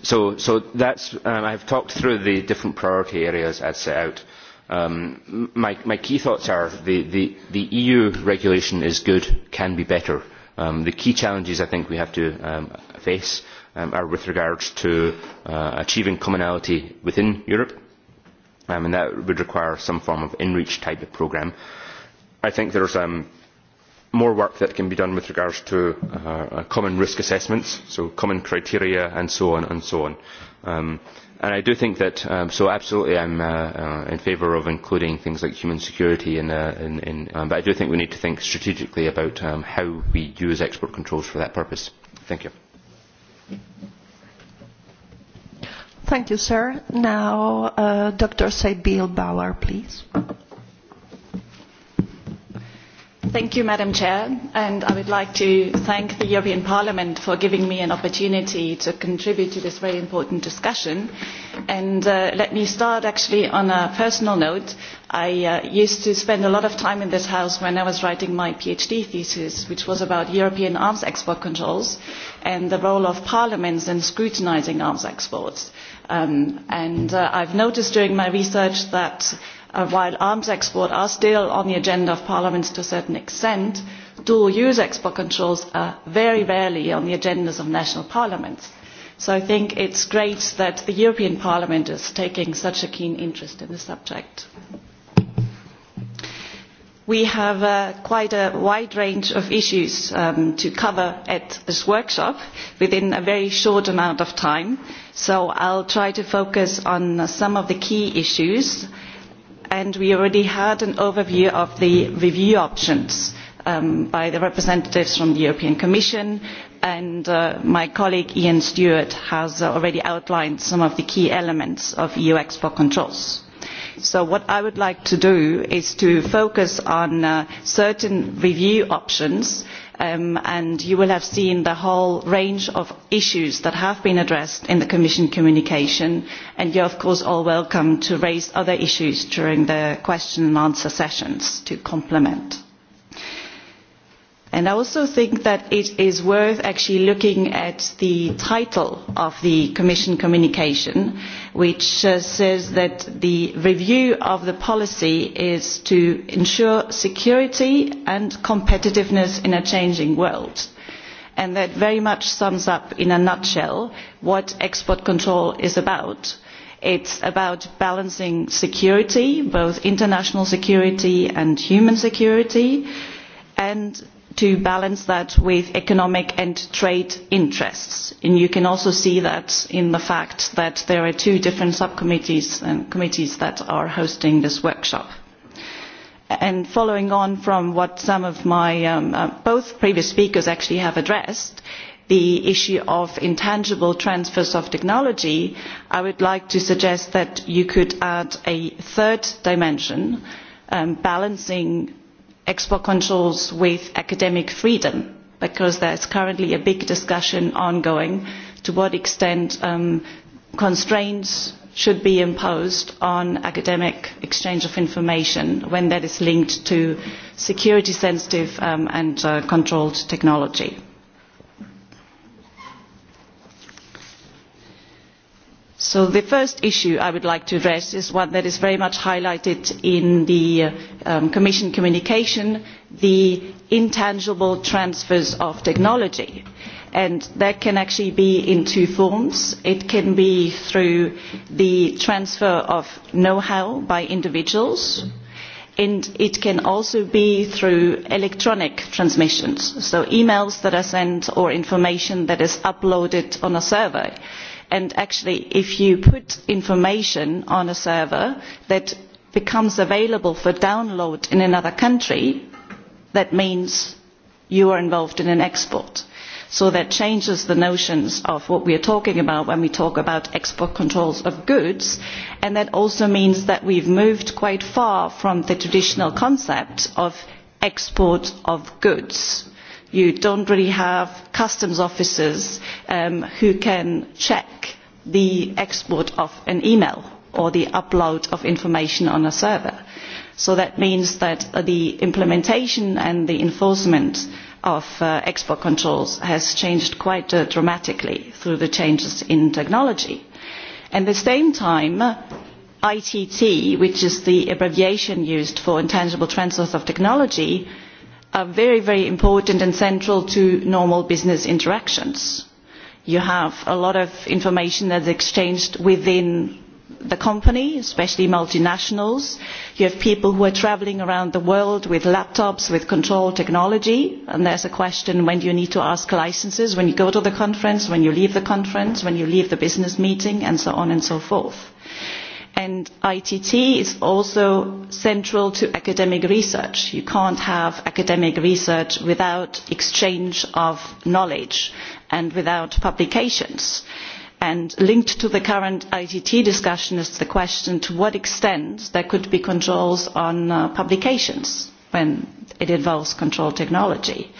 so, so that's, um, I've talked through the different priority areas as set out Um, my, key thoughts are that the, eu e regulation is good can be better. Um, the key challenges i think we have to um, face are with regard to uh, achieving commonality within europe and that would require some form of in reach type of programme. i think there is more work that can be done with regard to uh, common risk assessments so common criteria and so on and so on. I do think that, um, so absolutely I'm am uh, uh, in favour of including things like human security, uh, um, but I do think we need to think strategically about um, how we use export controls for that purpose. Thank you. Thank you, sir. Now, Dr. Sabil Bauer, please. Thank you, Madam Chair, and I would like to thank the European Parliament for giving me an opportunity to contribute to this very important discussion. And uh, let me start actually on a personal note. I uh, used to spend a lot of time in this house when I was writing my PhD thesis, which was about European arms export controls and the role of parliaments in scrutinising arms exports. Um, and uh, I've noticed during my research that while arms exports are still on the agenda of parliaments to a certain extent dual use export controls are very rarely on the agendas of national parliaments so i think it is great that the european parliament is taking such a keen interest in the subject. we have uh, quite a wide range of issues um, to cover at this workshop within a very short amount of time so i will try to focus on some of the key issues and and we already had an overview of the review options um, by the representatives from the European Commission and uh, my colleague Ian Stewart has already outlined some of the key elements of EU export controls. So what I would like to do is to focus on uh, certain review options Um, and you will have seen the whole range of issues that have been addressed in the Commission communication and you are of course all welcome to raise other issues during the question and answer sessions to complement. And I also think that it is worth actually looking at the title of the Commission communication, which uh, says that the review of the policy is to ensure security and competitiveness in a changing world. And that very much sums up in a nutshell what export control is about it's about balancing security both international security and human security and to balance that with economic and trade interests. And you can also see that in the fact that there are two different subcommittees and committees that are hosting this workshop. And following on from what some of my um, uh, both previous speakers actually have addressed, the issue of intangible transfers of technology, I would like to suggest that you could add a third dimension, um, balancing export controls with academic freedom because there is currently a big discussion ongoing to what extent um, constraints should be imposed on academic exchange of information when that is linked to security sensitive um, and uh, controlled technology. So the first issue I would like to address is one that is very much highlighted in the um, Commission communication, the intangible transfers of technology. And that can actually be in two forms. It can be through the transfer of know-how by individuals, and it can also be through electronic transmissions, so e mails that are sent or information that is uploaded on a server and actually if you put information on a server that becomes available for download in another country that means you are involved in an export so that changes the notions of what we are talking about when we talk about export controls of goods and that also means that we have moved quite far from the traditional concept of export of goods you don't really have customs officers um, who can check the export of an email or the upload of information on a server. So that means that the implementation and the enforcement of uh, export controls has changed quite uh, dramatically through the changes in technology. At the same time, ITT, which is the abbreviation used for intangible transfers of technology, are very, very important and central to normal business interactions. You have a lot of information that's exchanged within the company, especially multinationals. You have people who are travelling around the world with laptops, with control technology, and there's a question when you need to ask licences? when you go to the conference, when you leave the conference, when you leave the business meeting, and so on and so forth and itt is also central to academic research. you cannot have academic research without exchange of knowledge and without publications and linked to the current itt discussion is the question to what extent there could be controls on uh, publications when it involves control technology.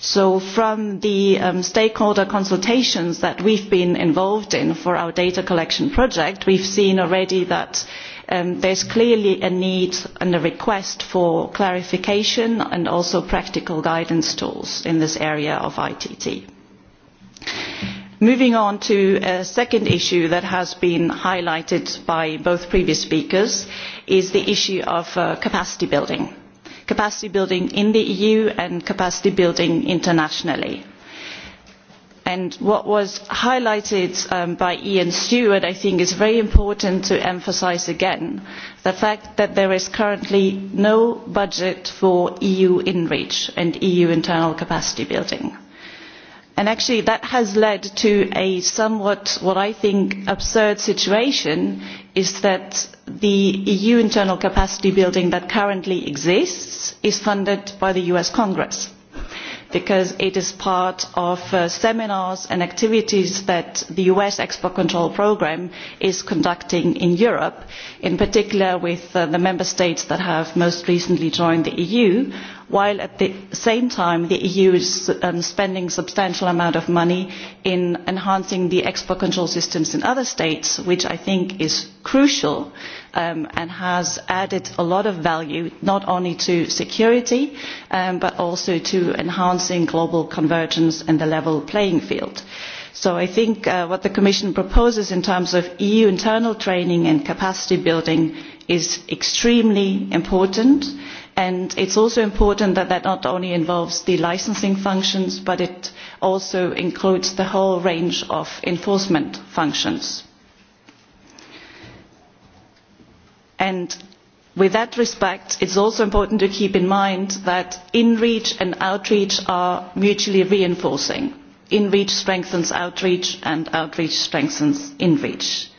So from the um, stakeholder consultations that we've been involved in for our data collection project, we've seen already that um, there's clearly a need and a request for clarification and also practical guidance tools in this area of ITT. Moving on to a second issue that has been highlighted by both previous speakers is the issue of uh, capacity building capacity building in the eu and capacity building internationally. what was highlighted um, by ian stewart i think is very important to emphasise again the fact that there is currently no budget for eu inreach and eu internal capacity building. actually that has led to a somewhat what i think absurd situation is that the EU internal capacity building that currently exists is funded by the US Congress because it is part of uh, seminars and activities that the US export control programme is conducting in Europe, in particular with uh, the member states that have most recently joined the EU while at the same time the eu is um, spending a substantial amount of money in enhancing the export control systems in other states which i think is crucial um, and has added a lot of value not only to security um, but also to enhancing global convergence and the level playing field so i think uh, what the commission proposes in terms of eu internal training and capacity building is extremely important and and it is also important that this not only involves the licensing functions but also includes the whole range of enforcement functions. And with that respect it is also important to keep in mind that in reach and outreach are mutually reinforcing in reach strengthens outreach and outreach strengthens in reach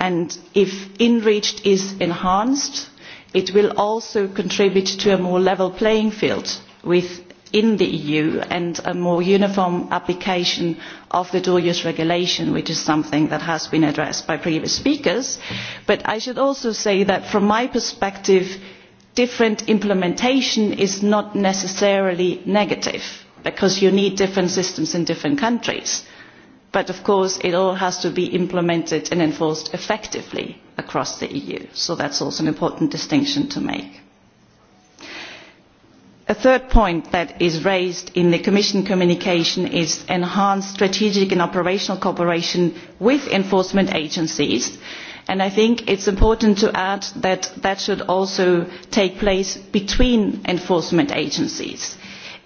and if in reach is enhanced it will also contribute to a more level playing field within the eu and a more uniform application of the dual use regulation which is something that has been addressed by previous speakers. but i should also say that from my perspective different implementation is not necessarily negative because you need different systems in different countries but of course it all has to be implemented and enforced effectively across the eu so that is also an important distinction to make. a third point that is raised in the commission communication is enhanced strategic and operational cooperation with enforcement agencies and i think it is important to add that that should also take place between enforcement agencies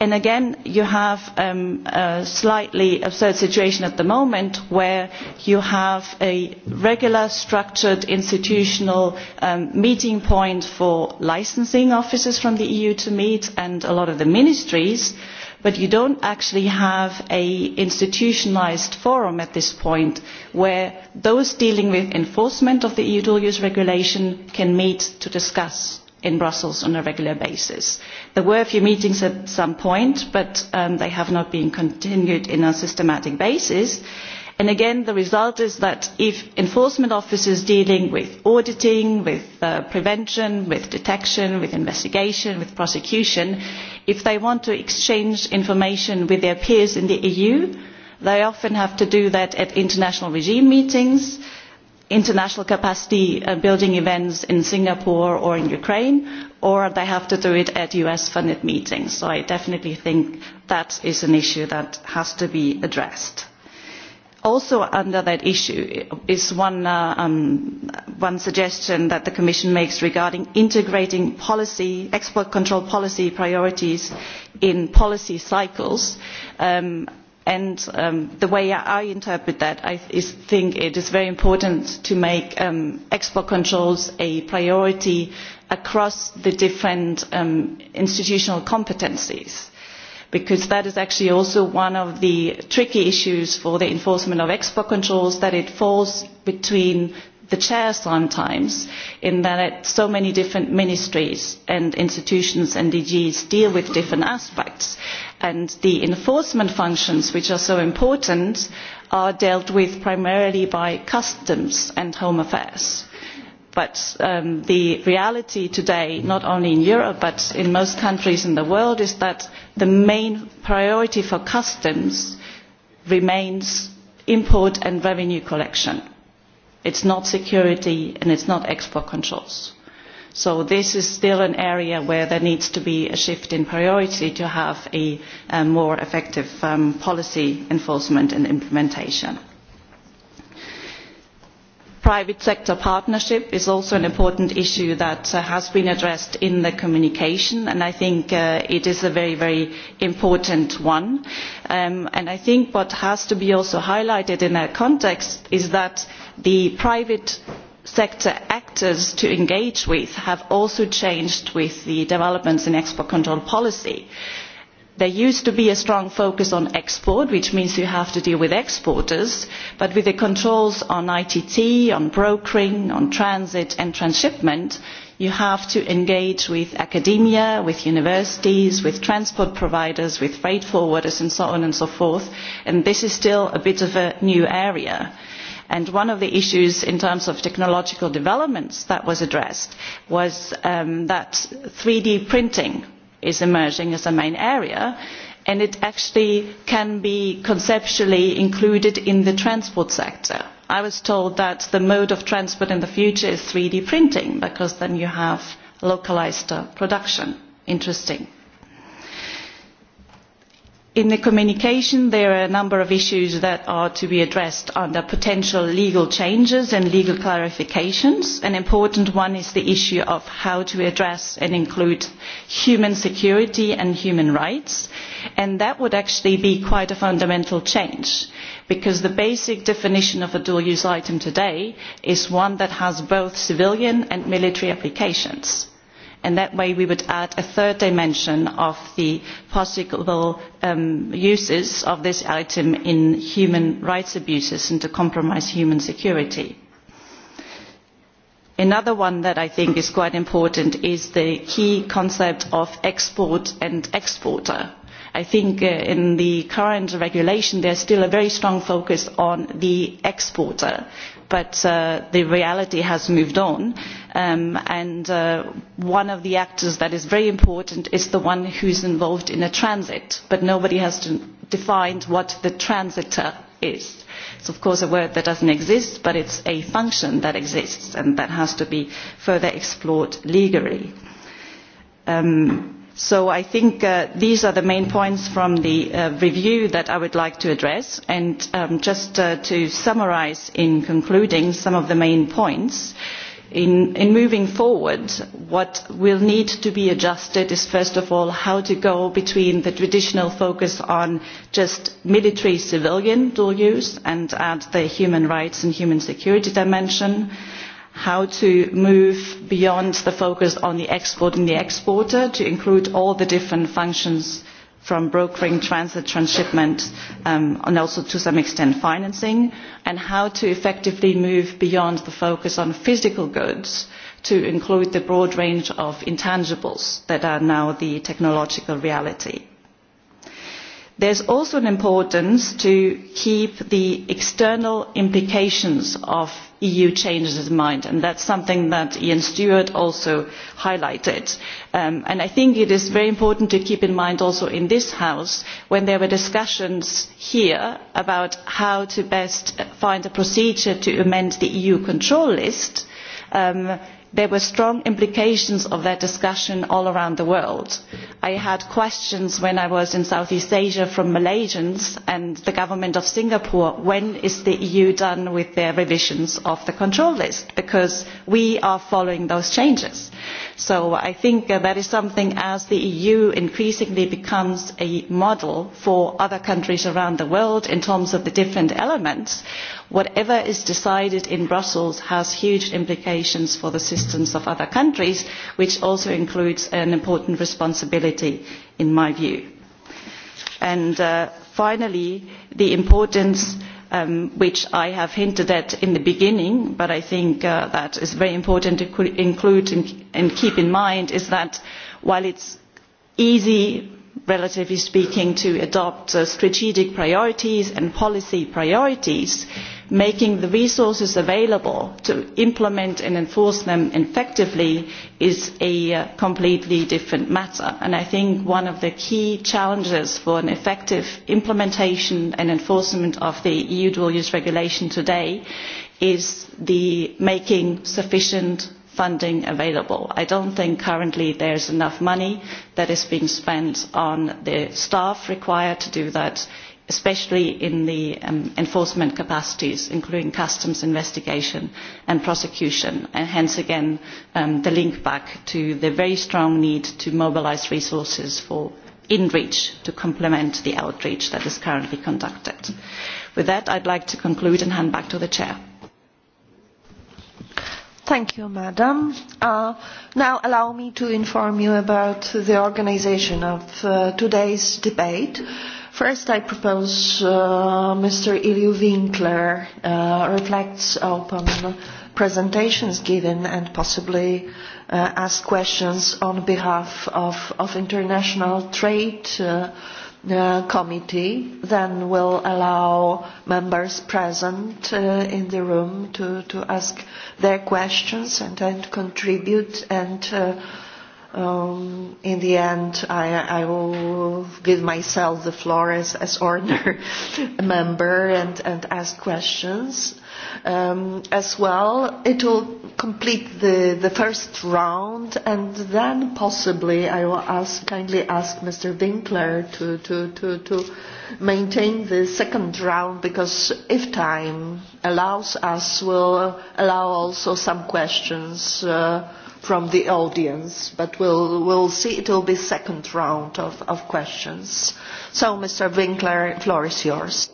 and again you have um, a slightly absurd situation at the moment where you have a regular structured institutional um, meeting point for licensing officers from the eu to meet and a lot of the ministries but you do not actually have an institutionalised forum at this point where those dealing with enforcement of the eu dual use regulation can meet to discuss in Brussels on a regular basis. There were a few meetings at some point, but um, they have not been continued in a systematic basis. And again, the result is that if enforcement officers dealing with auditing, with uh, prevention, with detection, with investigation, with prosecution, if they want to exchange information with their peers in the EU, they often have to do that at international regime meetings, international capacity uh, building events in singapore or in ukraine or they have to do it at us funded meetings so i definitely think that is an issue that has to be addressed. also under that issue is one, uh, um, one suggestion that the commission makes regarding integrating policy, export control policy priorities in policy cycles. Um, and um, the way i interpret that i th think it is very important to make um, export controls a priority across the different um, institutional competencies because that is actually also one of the tricky issues for the enforcement of export controls that it falls between the chair sometimes in that so many different ministries and institutions and DGs deal with different aspects and the enforcement functions which are so important are dealt with primarily by customs and home affairs but um, the reality today not only in europe but in most countries in the world is that the main priority for customs remains import and revenue collection. it is not security and it is not export controls So this is still an area where there needs to be a shift in priority to have a, more effective um, policy enforcement and implementation private sector partnership is also an important issue that uh, has been addressed in the communication and i think uh, it is a very very important one um, and i think what has to be also highlighted in that context is that the private sector actors to engage with have also changed with the developments in export control policy. there used to be a strong focus on export which means you have to deal with exporters but with the controls on itt on brokering on transit and transshipment you have to engage with academia with universities with transport providers with freight forwarders and so on and so forth and this is still a bit of a new area and one of the issues in terms of technological developments that was addressed was um, that 3d printing is emerging as a main area and it actually can be conceptually included in the transport sector. I was told that the mode of transport in the future is 3D printing because then you have localized uh, production. Interesting in the communication there are a number of issues that are to be addressed under potential legal changes and legal clarifications. an important one is the issue of how to address and include human security and human rights and that would actually be quite a fundamental change because the basic definition of a dual use item today is one that has both civilian and military applications and that way we would add a third dimension of the possible um, uses of this item in human rights abuses and to compromise human security. Another one that I think is quite important is the key concept of export and exporter. I think uh, in the current regulation there is still a very strong focus on the exporter, but uh, the reality has moved on um, and uh, one of the actors that is very important is the one who is involved in a transit but nobody has defined what the transitor is. It's of course a word that doesn't exist but it's a function that exists and that has to be further explored legally. Um, so i think uh, these are the main points from the uh, review that i would like to address and um, just uh, to summarise in concluding some of the main points i in, in moving forward, what will need to be adjusted is first of all how to go between the traditional focus on just military civilian dual use and add the human rights and human security dimension, how to move beyond the focus on the export and the exporter to include all the different functions from brokering transit transshipment um, and also to some extent financing and how to effectively move beyond the focus on physical goods to include the broad range of intangibles that are now the technological reality. There is also an importance to keep the external implications of eu changes its mind and that is something that ian stewart also highlighted. Um, and i think it is very important to keep in mind also in this house when there were discussions here about how to best find a procedure to amend the eu control list um, there were strong implications of that discussion all around the world. i had questions when i was in south east asia from malaysians and the government of singapore when is the eu done with their revisions of the control list because we are following those changes. so i think that is something as the eu increasingly becomes a model for other countries around the world in terms of the different elements whatever is decided in brussels has huge implications for the systems of other countries which also includes an important responsibility in my view. And, uh, finally the importance um, which i have hinted at in the beginning but i think uh, that is very important to include and keep in mind is that while it is easy relatively speaking to adopt uh, strategic priorities and policy priorities it making the resources available to implement and enforce them effectively is a uh, completely different matter and i think one of the key challenges for an effective implementation and enforcement of the eu dual use regulation today is the making sufficient funding available. I don't think currently there is enough money that is being spent on the staff required to do that especially in the um, enforcement capacities, including customs investigation and prosecution, and hence again um, the link back to the very strong need to mobilise resources for in-reach to complement the outreach that is currently conducted. With that, I'd like to conclude and hand back to the Chair. Thank you, Madam. Uh, now allow me to inform you about the organisation of uh, today's debate. Uh, First, I propose uh, Mr. Ilyu Winkler uh, reflects upon presentations given and possibly uh, ask questions on behalf of, of International Trade uh, uh, Committee. Then we'll allow members present uh, in the room to, to ask their questions and, and contribute and uh, um, in the end, I, I will give myself the floor as, as ordinary member and, and ask questions. Um, as well, it will complete the, the first round, and then possibly I will ask, kindly ask Mr. Winkler to, to, to, to maintain the second round because if time allows us, we'll allow also some questions. Uh, from the audience, but we'll, we'll see. It will be second round of, of questions. So, Mr. Winkler, floor is yours.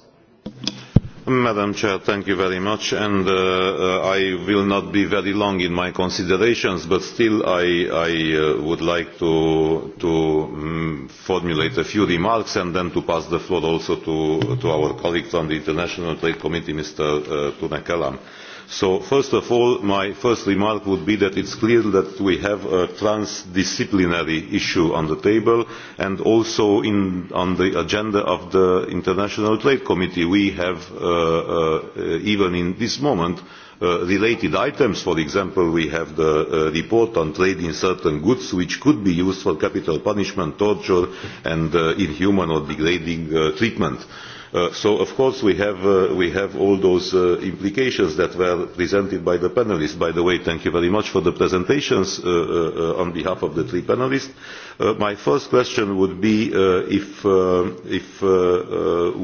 Madam Chair, thank you very much, and uh, uh, I will not be very long in my considerations, but still I, I uh, would like to, to um, formulate a few remarks and then to pass the floor also to, to our colleague from the International Trade Committee, Mr. Uh, Tunne Kelam. Uh, So first of all, my first remark would be that it is clear that we have a transdisciplinary issue on the table and also on the agenda of the International Trade Committee we have, uh, uh, even at this moment, uh, related items for example we have the report on trade in certain goods which could be used for capital punishment torture and inhuman or degrading treatment. Uh, so of course we have, uh, we have all those uh, implications that were presented by the panellists. by the way thank you very much for the presentations on behalf of the three panellists. my first question would be if, if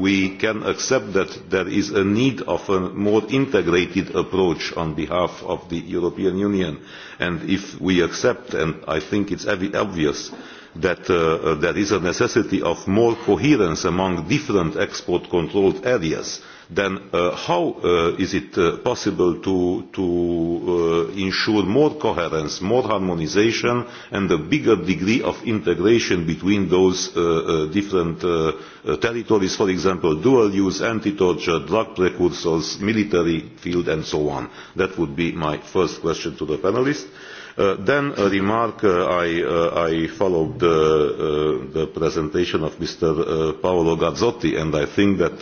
we can accept that there is a need for a more integrated approach on behalf of the european union and if we accept and i think it is obvious that that uh, uh, there is a necessity of more coherence among different export controlled areas then uh, how uh, is it uh, possible to, to uh, ensure more coherence, more harmonisation and a bigger degree of integration between those uh, different territories, for example, dual use, anti-torture, drug precursors, military field and so on? That would be my first question to the panelists. Uh, then a remark uh, uh, I, followed the, presentation of Mr. Paolo Gazzotti and I think that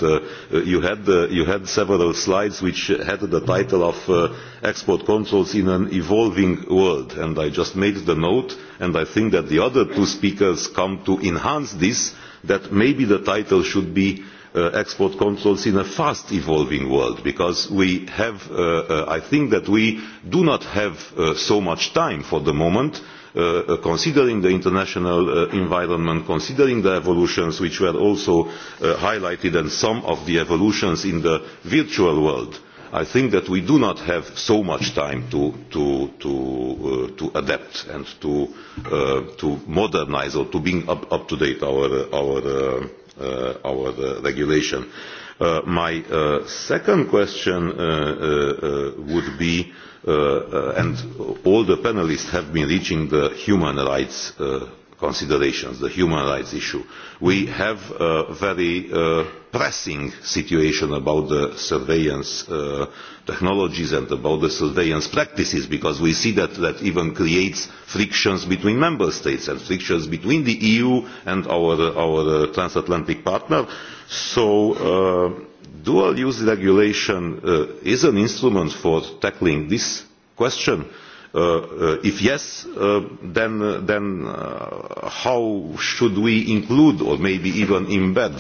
you had several slides which had the title of export controls in an evolving world and I just made the note and I think that the other two speakers come to enhance this that maybe the title should be uh, export controls in a fast evolving world because we have, uh, uh, I think that we do not have uh, so much time for the moment uh, uh, considering the international uh, environment, considering the evolutions which were also uh, highlighted and some of the evolutions in the virtual world, I think that we do not have so much time to, to, to, uh, to adapt and to, uh, to modernize or to bring up, up to date our, our uh, Uh, our uh, regulation. Uh, my second question would be and all the panelists have been reaching the human rights considerations, the human rights issue. We have a very uh, pressing situation about the surveillance uh, technologies and about the surveillance practices because we see that that even creates frictions between member states and frictions between the EU and our, our uh, transatlantic partner. So uh, dual use regulation uh, is an instrument for tackling this question Uh, uh, if yes uh, then, then uh, how should we include or maybe even embed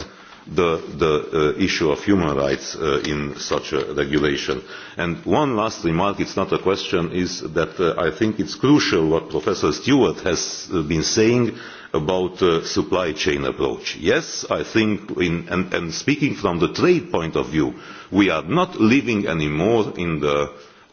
the, the uh, issue of human rights uh, in such a regulation? And one last remark it's not a question is that i think it's crucial what professor stewart has been saying about the supply chain approach. yes i think in, and, and speaking from the trade point of view we are not living anymore in the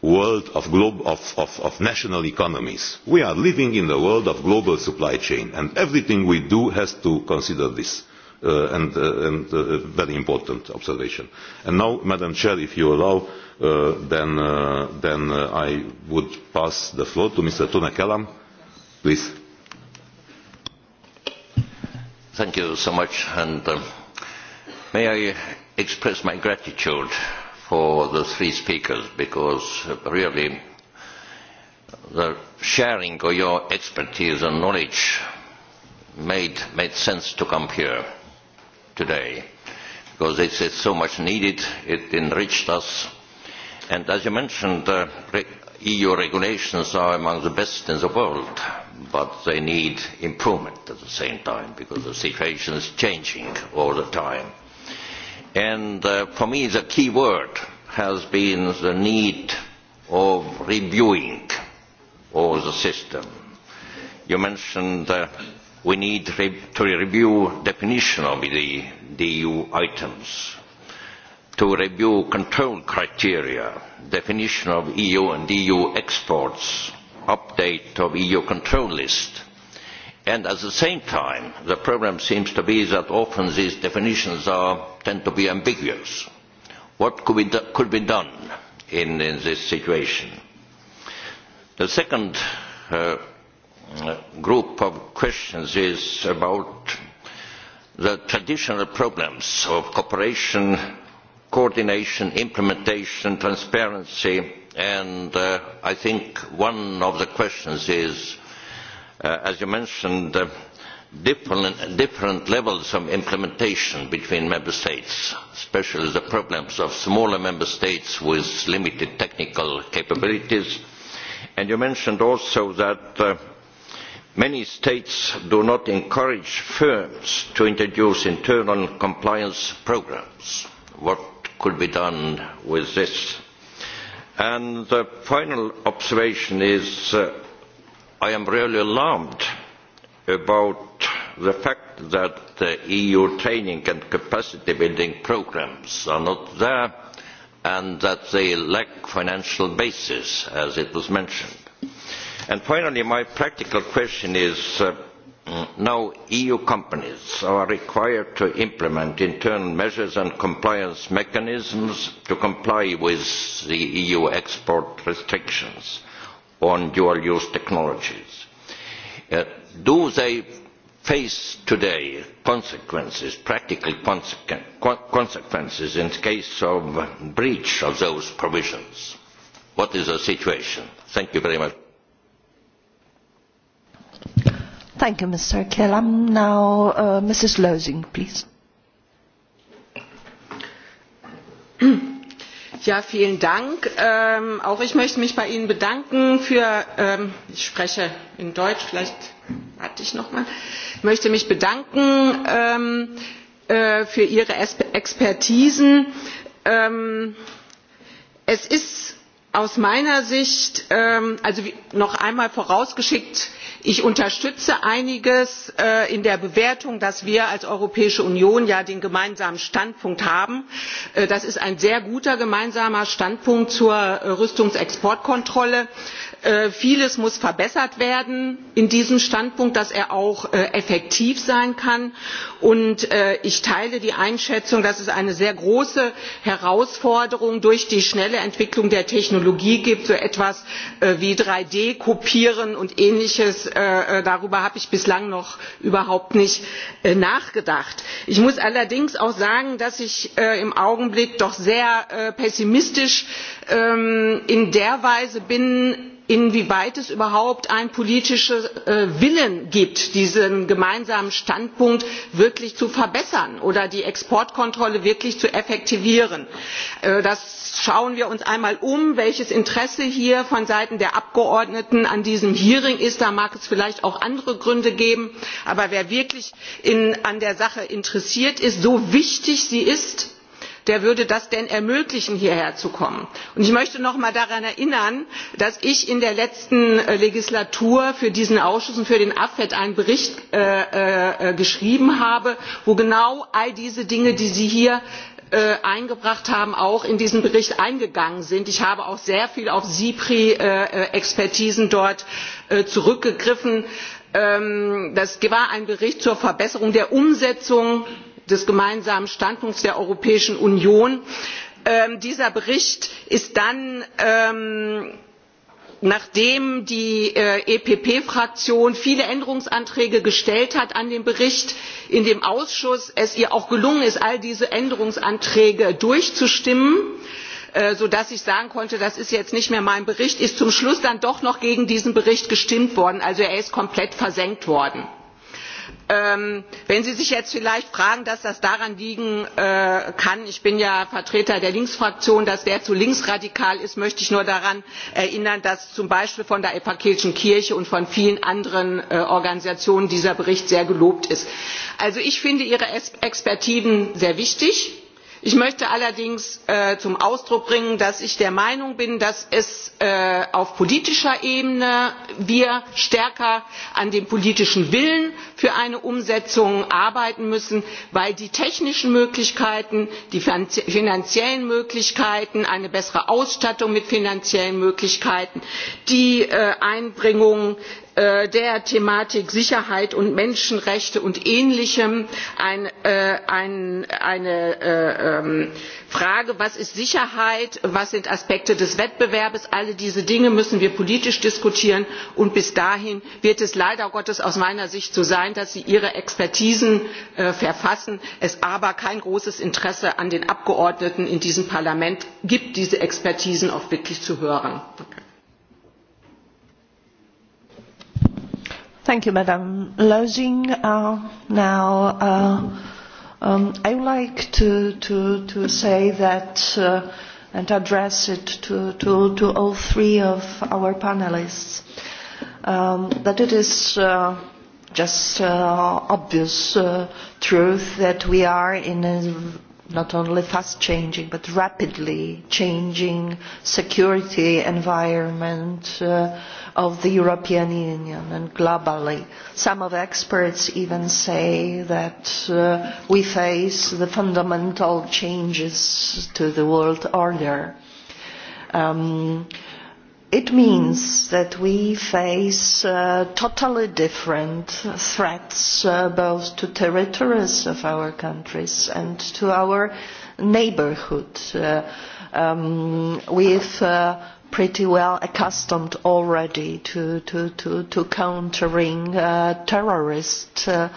world of, globe, of, of, of national economies. We are living in the world of global supply chain and everything we do has to consider this. Uh, and uh, and uh, very important observation. And now, Madam Chair, if you allow, uh, then, uh, then uh, I would pass the floor to Mr. Tuna Kellam. Please. Thank you so much and uh, may I express my gratitude for the three speakers because really the sharing of your expertise and knowledge made, made sense to come here today because it's, it's so much needed, it enriched us. And as you mentioned, uh, EU regulations are among the best in the world, but they need improvement at the same time because the situation is changing all the time And uh, for me, the key word has been the need of reviewing of the system. You mentioned uh, we need re to review definition of the, the EU items, to review control criteria, definition of EU and EU exports, update of EU control list, and at the same time the problem seems to be that often these definitions are, tend to be ambiguous. What could be, do, could be done in, in this situation? The second uh, group of questions is about the traditional problems of cooperation, coordination, implementation, transparency, and uh, I think one of the questions is Uh, as you mentioned, uh, different, levels of implementation between member states, especially the problems of smaller member states with limited technical capabilities. And you mentioned also that uh, many states do not encourage firms to introduce internal compliance programs. What could be done with this? And the final observation is I am really alarmed about the fact that the EU training and capacity building programmes are not there and that they lack financial basis, as it was mentioned. And finally, my practical question is, uh, now EU companies are required to implement internal measures and compliance mechanisms to comply with the EU export restrictions on dual use technologies. Uh, do they face today consequences, practical consequ consequences in case of breach of those provisions? What is the situation? Thank you very much. Thank you, Mr. Kill. I'm now uh, Mrs. Losing, please. Ja, vielen ähm, auch ich möchte mich bei ihnen bedanken für ähm, ich spreche in deutsch vielleicht warte ich noch mal ich möchte mich bedanken ähm, äh, für ihre Expertisen. es ist aus meiner sicht ähm, also noch einmal vorausgeschickt ich unterstütze einiges äh, in der bewertung dass wir als europäische union ja den gemeinsamen standpunkt haben äh, das ist ein sehr guter gemeinsamer standpunkt zur äh, rüstungsexportkontrolle. Äh, vieles muss verbessert werden in diesem standpunkt dass er auch äh, effektiv sein kann und äh, ich teile die einschätzung dass es eine sehr große herausforderung durch die schnelle entwicklung der technologie gibt so etwas wie drei d kopieren und ähnliches darüber habe ich bislang noch überhaupt nicht nachgedacht. ich muss allerdings auch sagen dass ich im augenblick doch sehr pessimistisch ähm, in der weise bin inwieweit es überhaupt einen politischen äh, willen gibt diesen gemeinsamen standpunkt wirklich zu verbessern oder die exportkontrolle wirklich zu effektivieren. Äh, schauen wir uns einmal um welches interesse hier von seiten der abgeordneten an diesem hearing ist da mag es vielleicht auch andere gründe geben aber wer wirklich an der sache interessiert ist so wichtig sie ist der würde das denn ermöglichen hierher zu kommen? Und ich möchte noch einmal daran erinnern dass ich in der letzten äh, legislatur für diesen ausschuss und für den afet einen bericht äh, äh, geschrieben habe wo genau all diese dinge die sie hier eingebracht haben auch in diesen bericht eingegangen sind. ich habe auch sehr viel auf cipri expertisen dort zurückgegriffen. Ähm, das war ein bericht zur verbesserung der umsetzung des gemeinsamen standpunkts der europäischen union. Ähm, dieser bericht ist dann ähm, nachdem die äh, epp fraktion viele änderungsanträge gestellt hat an den bericht in dem ausschuss es ihr auch gelungen ist all diese änderungsanträge durchzustimmen äh, sodass ich sagen konnte das ist jetzt nicht mehr mein bericht ist zum schluss dann doch noch gegen diesen bericht gestimmt worden also er ist komplett versenkt worden Ähm, wenn sie sich jetzt vielleicht fragen dass das daran liegen äh, kann ich bin ja vertreter der linksfraktion dass der zu linksradikal ist möchte ich nur daran erinnern dass zum beispiel von der evangelischen kirche und von vielen anderen äh, organisationen dieser bericht sehr gelobt ist. also ich finde ihre expertisen sehr wichtig ich möchte allerdings äh, zum ausdruck bringen dass ich der meinung bin dass wir auf politischer ebene stärker an dem politischen willen für eine umsetzung arbeiten müssen weil die technischen möglichkeiten die finanziellen möglichkeiten eine bessere ausstattung mit finanziellen möglichkeiten die äh, einbringung äh, der thematik sicherheit und menschenrechte und ähnlichem äh, eine ähm, frage was ist sicherheit was sind aspekte des wettbewerbs all diese dinge müssen wir politisch diskutieren und bis dahin wird es leider gottes aus meiner sicht sein dass sie ihre expertisen äh, verfassen es aber kein großes interesse an den abgeordneten in diesem parlament gibt diese expertisen auch wirklich zu hören just uh, obvious uh, truth that we are in a not only fast changing but rapidly changing security environment uh, of the European Union and globally. Some of the experts even say that uh, we face the fundamental changes to the world order. Um, it means that we face uh, totally different threats uh, both to territories of our countries and to our neighbourhood. Uh, um, with uh, pretty well accustomed already to, to, to, to countering uh, terrorist uh,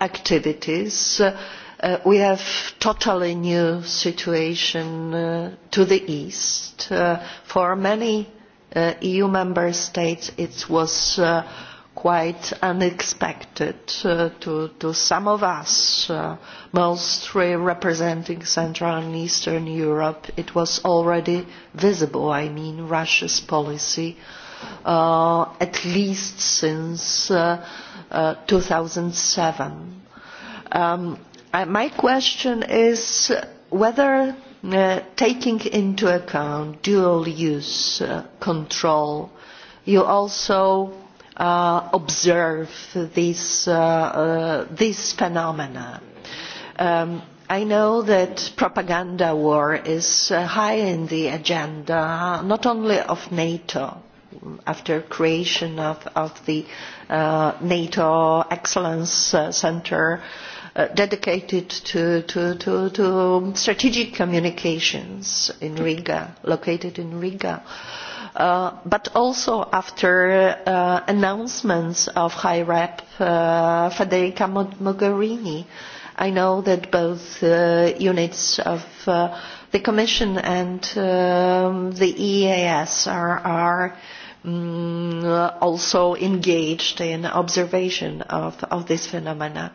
activities. Uh, Uh, we have a totally new situation uh, to the east. Uh, for many eu member states it was quite unexpected to, to some of us mostly representing central and eastern europe it was already visible i mean russia's policy at least since two thousand and seven um, Uh, my question is whether uh, taking into account dual use uh, control you also uh, observe this uh, uh, this phenomena. Um, I know that propaganda war is high in the agenda, not only of NATO, after creation of, of the NATO Excellence Centre, Uh, dedicated to, to, to, to strategic communications in Riga, located in Riga. Uh, but also after uh, announcements of High Rep uh, Federica Mogherini, I know that both uh, units of uh, the Commission and um, the EAS are, are um, also engaged in observation of, of this phenomena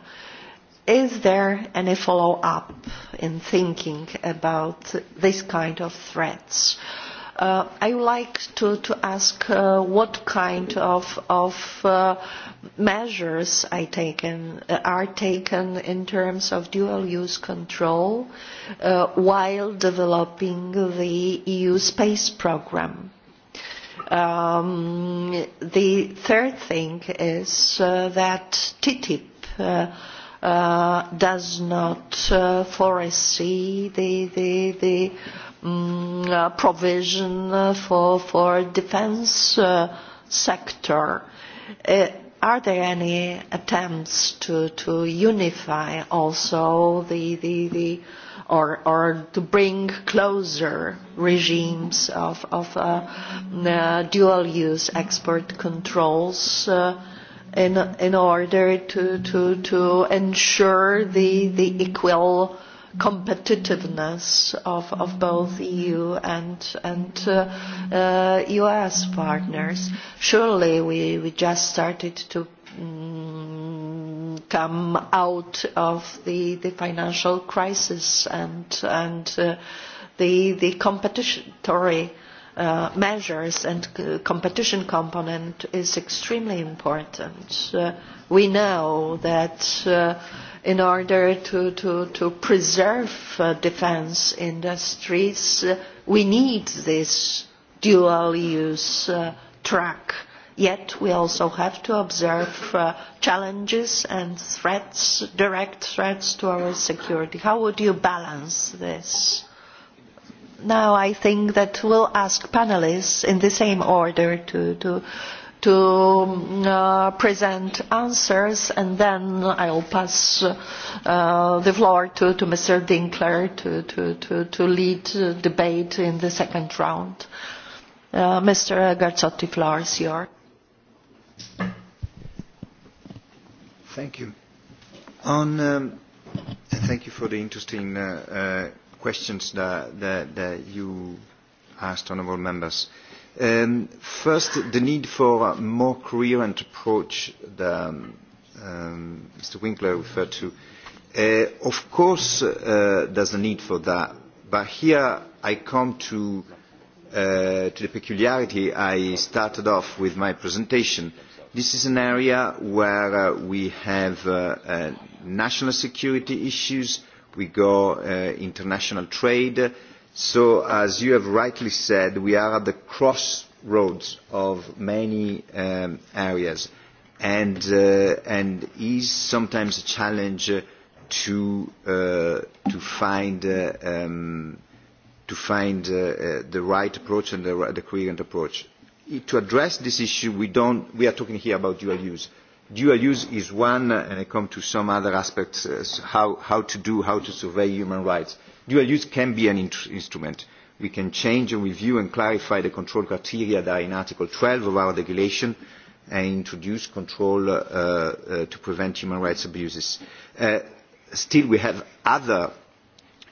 is there any follow-up in thinking about this kind of threats? Uh, I would like to, to ask uh, what kind of, of uh, measures I taken, uh, are taken in terms of dual-use control uh, while developing the EU space program. Um, the third thing is uh, that TTIP uh, uh, does not uh, foresee the, the, the um, uh, provision for, for defense uh, sector. Uh, are there any attempts to, to unify also the, the, the or, or to bring closer regimes of, of uh, uh, dual-use export controls uh, in, in order to, to, to ensure the, the equal competitiveness of, of both EU and, and uh, uh, US partners. Surely we, we just started to um, come out of the, the financial crisis and, and uh, the, the competitory uh, Uh, measures and competition component is extremely important. Uh, we know that uh, in order to, to, to preserve uh, defence industries, uh, we need this dual use uh, track. Yet we also have to observe uh, challenges and threats, direct threats to our security. How would you balance this? now I think that we'll ask panelists in the same order to, to, to um, uh, present answers and then I'll pass uh, the floor to, to Mr. Dinkler to, to, to, to lead the debate in the second round. Uh, Mr. Garzotti, floor is yours. Thank you. On, um, thank you for the interesting uh, uh, questions that, that, that you asked, honourable members. Um, first, the need for a more coherent approach that um, Mr. Um, Winkler referred to. Uh, of course, uh, there's a need for that, but here I come to, uh, to the peculiarity I started off with my presentation. This is an area where uh, we have uh, uh, national security issues, we go uh, international trade. So as you have rightly said, we are at the crossroads of many um, areas and, uh, and is sometimes a challenge uh, to, uh, to find, uh, um, to find uh, uh, the right approach and the, the coherent approach. To address this issue, we, don't, we are talking here about dual use dual use is one, uh, and I come to some other aspects, uh, how, how to do, how to survey human rights. Dual use can be an in instrument. We can change and review and clarify the control criteria that are in Article 12 of our regulation and introduce control uh, uh, to prevent human rights abuses. Uh, still, we have other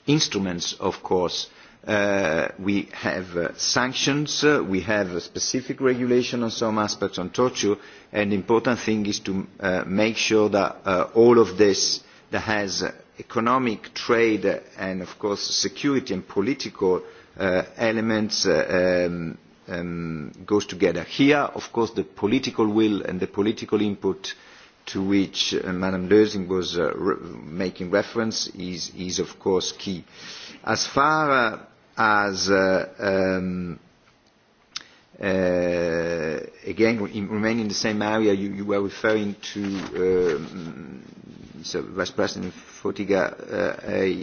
instruments, of course, Uh, we have uh, sanctions, uh, we have a specific regulation on some aspects of torture, and the important thing is to make sure that all of this that has economic, trade, and of course security and political elements um, um, goes together. Here, of course, the political will and the political input to which uh, Madam Lösing was making reference is, is, of course, key. As far as uh, um, uh, again in, remaining in the same area you, you were referring to um, so Vice President Fotiga uh, a,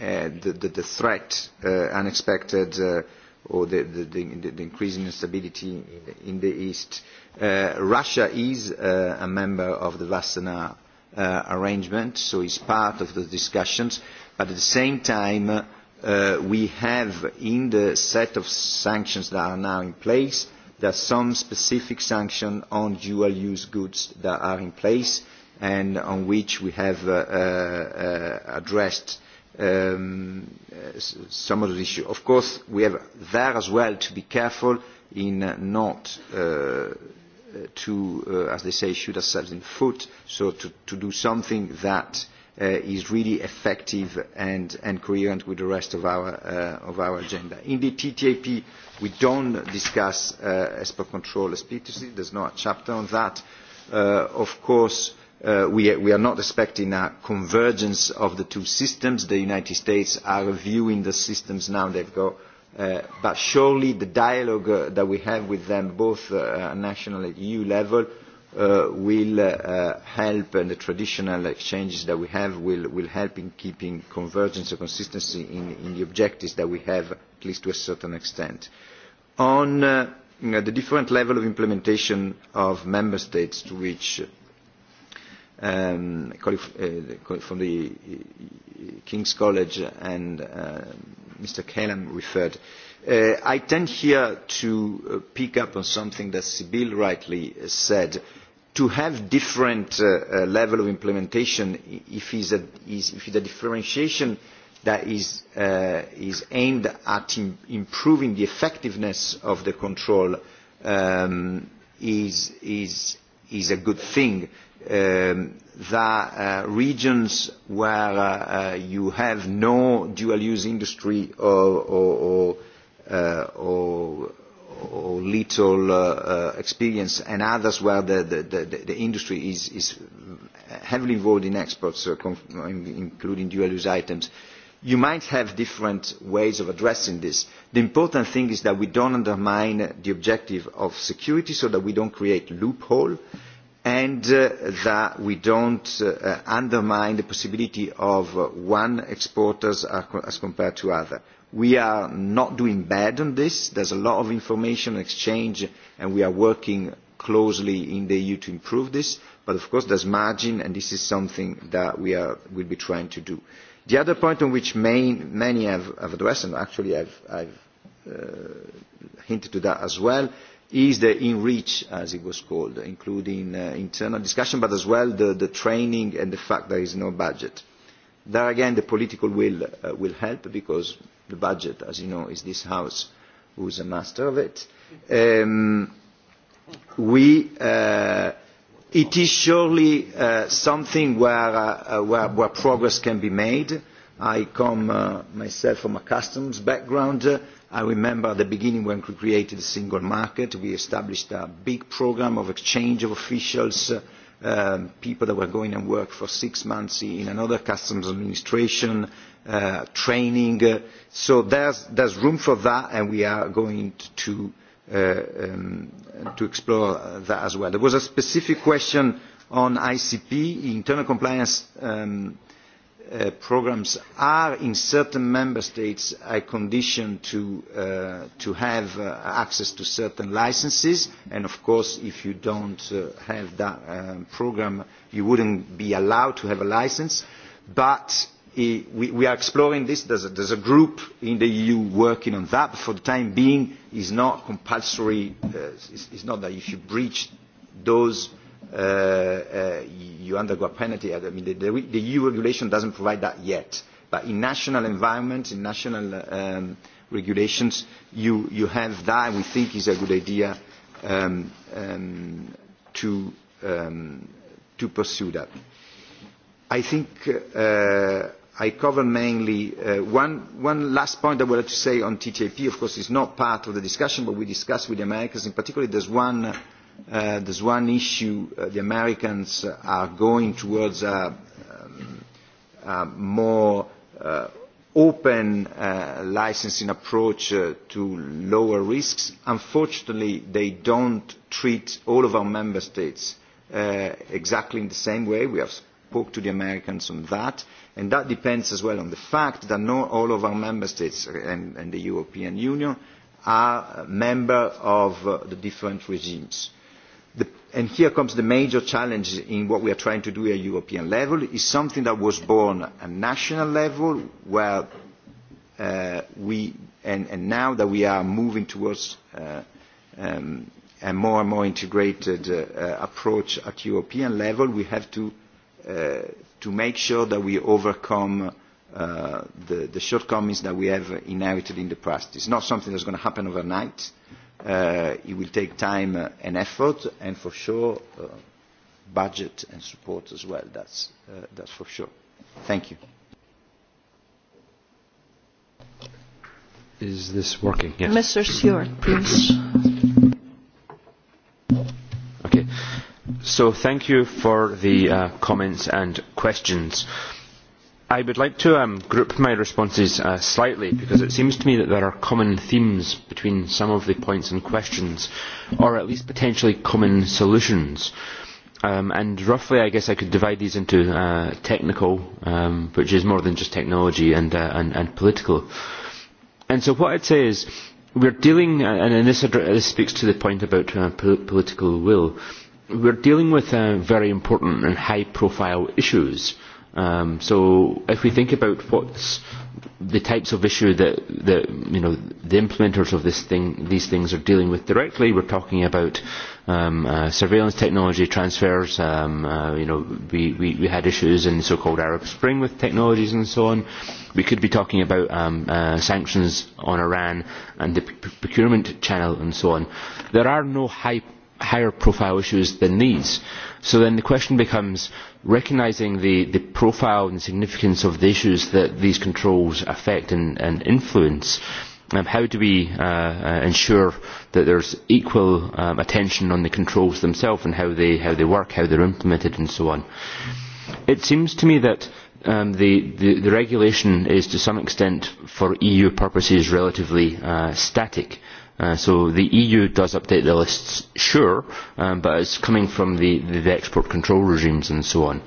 uh, the, the, the threat uh, unexpected uh, or the, the, the, the increasing instability in the, in the East. Uh, Russia is uh, a member of the Vassana uh, arrangement, so it's part of the discussions, but at the same time uh, Uh, we have in the set of sanctions that are now in place, there are some specific sanctions on dual-use goods that are in place and on which we have uh, uh, addressed um, some of the issues. Of course, we have there as well to be careful in not uh, to, uh, as they say, shoot ourselves in the foot, so to, to do something that uh, uh, is really effective and, and coherent with the rest of our, uh, of our agenda. In the TTIP, we don't discuss uh, ESPA control explicitly. There's no chapter on that. Uh, of course, uh, we, we are not expecting a convergence of the two systems. The United States are reviewing the systems now they've got Uh, but surely the dialogue uh, that we have with them, both uh, at national and EU level, uh, will uh, help and the traditional exchanges that we have will, will help in keeping convergence and consistency in, in the objectives that we have, at least to a certain extent. On uh, you know, the different level of implementation of member states to which um, uh, from the King's College and uh, Mr. Kalam referred, uh, Uh, I tend here to uh, pick up on something that sibylle rightly said. To have different uh, level of implementation, if, a, the differentiation that is, aimed at improving the effectiveness of the control um, is, a good thing. Um, the that regions where you have no dual-use industry or uh, or, or little uh, uh, experience, and others where the, the, the, the industry is, is heavily involved in exports, uh, including dual-use items, you might have different ways of addressing this. The important thing is that we don't undermine the objective of security so that we don't create loophole and uh, that we don't uh, uh undermine the possibility of uh, one exporters uh, as compared to other We are not doing bad on this. There's a lot of information exchange, and we are working closely in the EU to improve this. But of course, there's margin, and this is something that we will be trying to do. The other point on which main, many have, have addressed, and actually I've, have uh, hinted to that as well, is the in-reach, as it was called, including uh, internal discussion, but as well the, the training and the fact there is no budget. There again, the political will uh, will help because the budget, as you know, is this House who is a master of it. Um, we, uh, it is surely uh, something where, uh, uh, where, where progress can be made. I come uh, myself from a customs background. Uh, I remember at the beginning when we created the single market, we established a big program of exchange of officials, uh, um, people that were going and work for six months in another customs administration, Uh, training. So there's, is room for that, and we are going uh, um, to, explore that as well. There was a specific question on ICP. Internal compliance programmes um, uh, programs are in certain member states a condition to, have access to certain licenses and of course if you don't not have that programme um, program you wouldn't be allowed to have a license but we are exploring this. There is a group in the EU working on that. But for the time being, it's not compulsory. Uh, it it's, not that if you breach those, uh, uh, you undergo a penalty. I mean, the, EU e regulation doesn't provide that yet. But in national environments, in national um, regulations, you, have that. We think is a good idea um, um, to, pursue that. I think. I cover mainly uh, one, one last point I would like to say on TTIP, of course, is not part of the discussion, but we discussed with the Americans. In particular, there's one, uh, there's one issue uh, the Americans are going towards a, um, a more uh, open uh, licensing approach uh, to lower risks. Unfortunately, they don't treat all of our member states uh, exactly in the same way. We have spoke to the Americans on that, and that depends as well on the fact that not all of our member states and, and the European Union are members of uh, the different regimes. The, and here comes the major challenge in what we are trying to do at European level is something that was born at national level where uh, we, and, and now that we are moving towards uh, um, a more and more integrated uh, uh, approach at European level, we have to uh, Uh, to make sure that we overcome uh, the, the shortcomings that we have inherited in the past. It's not something that's going to happen overnight. Uh, it will take time and effort, and for sure, uh, budget and support as well. That's, uh, that's for sure. Thank you. Is this working? Yes. Mr. Stewart, please. Okay. So thank you for the uh, comments and questions. I would like to um, group my responses uh, slightly because it seems to me that there are common themes between some of the points and questions, or at least potentially common solutions. Um, and roughly, I guess I could divide these into uh, technical, um, which is more than just technology, and, uh, and, and political. And so what I'd say is we're dealing, uh, and this, this speaks to the point about uh, po political will, we're dealing with uh, very important and high-profile issues. Um, so if we think about what's the types of issue that, that you know the implementers of this thing, these things are dealing with directly, we're talking about um, uh, surveillance technology transfers. Um, uh, you know, we, we, we had issues in the so-called Arab Spring with technologies and so on. We could be talking about um, uh, sanctions on Iran and the procurement channel and so on. There are no high higher profile issues than these. So then the question becomes recognising the, the profile and significance of the issues that these controls affect and, and influence. Um, how do we uh, uh, ensure that there's equal um, attention on the controls themselves and how they, how they work, how they're implemented and so on? It seems to me that um, the, the, the regulation is to some extent for EU purposes relatively uh, static Uh, so the EU does update the lists, sure, um, but it's coming from the, the export control regimes and so on.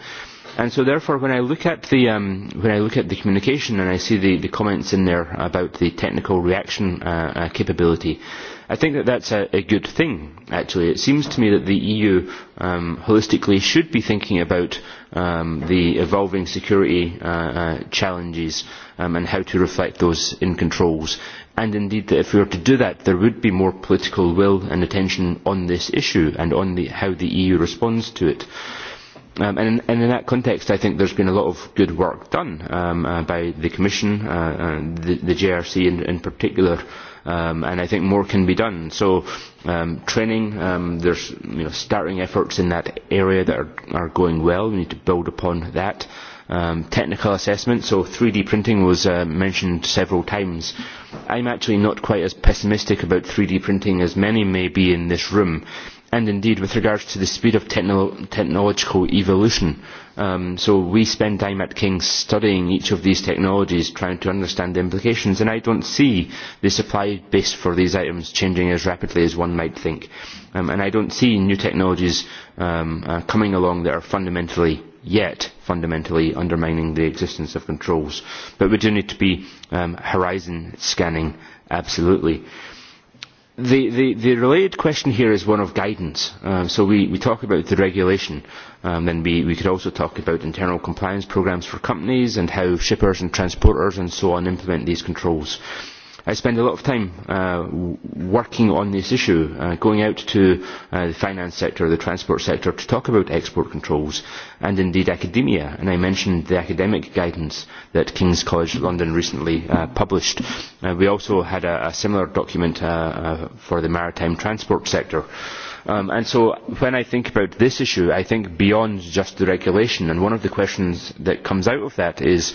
And so therefore, when I look at the, um, when I look at the communication and I see the, the comments in there about the technical reaction uh, uh, capability, I think that that's a, a good thing, actually. It seems to me that the EU um, holistically should be thinking about um, the evolving security uh, uh, challenges um, and how to reflect those in controls and indeed if we were to do that there would be more political will and attention on this issue and on the, how the EU responds to it. Um, and, in, and in that context, I think there's been a lot of good work done um, uh, by the Commission, uh, and the, the JRC in, in particular, um, and I think more can be done. So um, training, um, there's you know, starting efforts in that area that are, are going well. We need to build upon that um, technical assessment, so 3D printing was uh, mentioned several times. I'm actually not quite as pessimistic about 3D printing as many may be in this room, and indeed with regards to the speed of techno technological evolution. Um, so we spend time at King's studying each of these technologies, trying to understand the implications, and I don't see the supply base for these items changing as rapidly as one might think. Um, and I don't see new technologies um, uh, coming along that are fundamentally yet fundamentally undermining the existence of controls. But we do need to be um, horizon scanning, absolutely. The, the, the related question here is one of guidance. Um, so we, we talk about the regulation, um, then we, we could also talk about internal compliance programs for companies and how shippers and transporters and so on implement these controls I spend a lot of time uh, working on this issue, uh, going out to uh, the finance sector, the transport sector, to talk about export controls, and indeed academia. And I mentioned the academic guidance that King's College London recently uh, published. Uh, we also had a, a similar document uh, uh, for the maritime transport sector. Um, and so when I think about this issue, I think beyond just the regulation. And one of the questions that comes out of that is,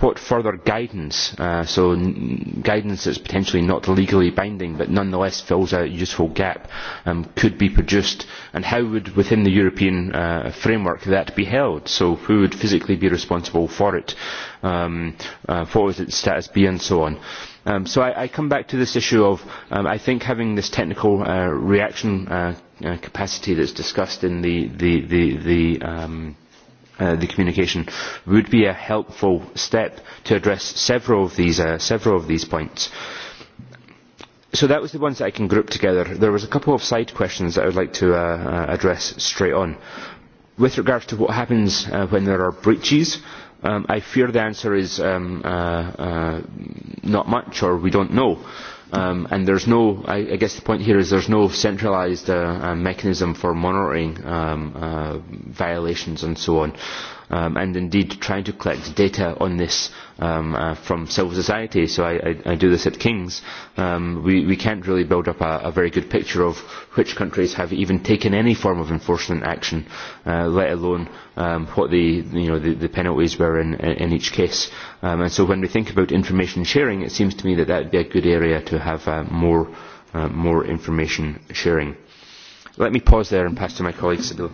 what further guidance, uh, so guidance that is potentially not legally binding but nonetheless fills a useful gap, um, could be produced and how would within the European uh, framework that be held? So who would physically be responsible for it? Um, uh, what would its status be and so on? Um, so I, come back to this issue of I think having this technical reaction capacity that is discussed in the, Uh, the communication would be a helpful step to address several of these uh, several of these points. So that was the ones that I can group together. There was a couple of side questions that I would like to uh, uh address straight on. With regards to what happens uh, when there are breaches, um, I fear the answer is um, uh, uh, not much or we don't know and um, and there's no, I, guess the point here is there's no centralised uh, uh, mechanism for monitoring um, uh, violations and so on um, and indeed trying to collect data on this um, uh, from civil society. So I, I, I do this at King's. Um, we, we can't really build up a, a very good picture of which countries have even taken any form of enforcement action, uh, let alone um, what the, you know, the, the penalties were in, in each case. Um, and so when we think about information sharing, it seems to me that that would be a good area to have uh, more, uh, more information sharing. Let me pause there and pass to my colleague, Sibylle.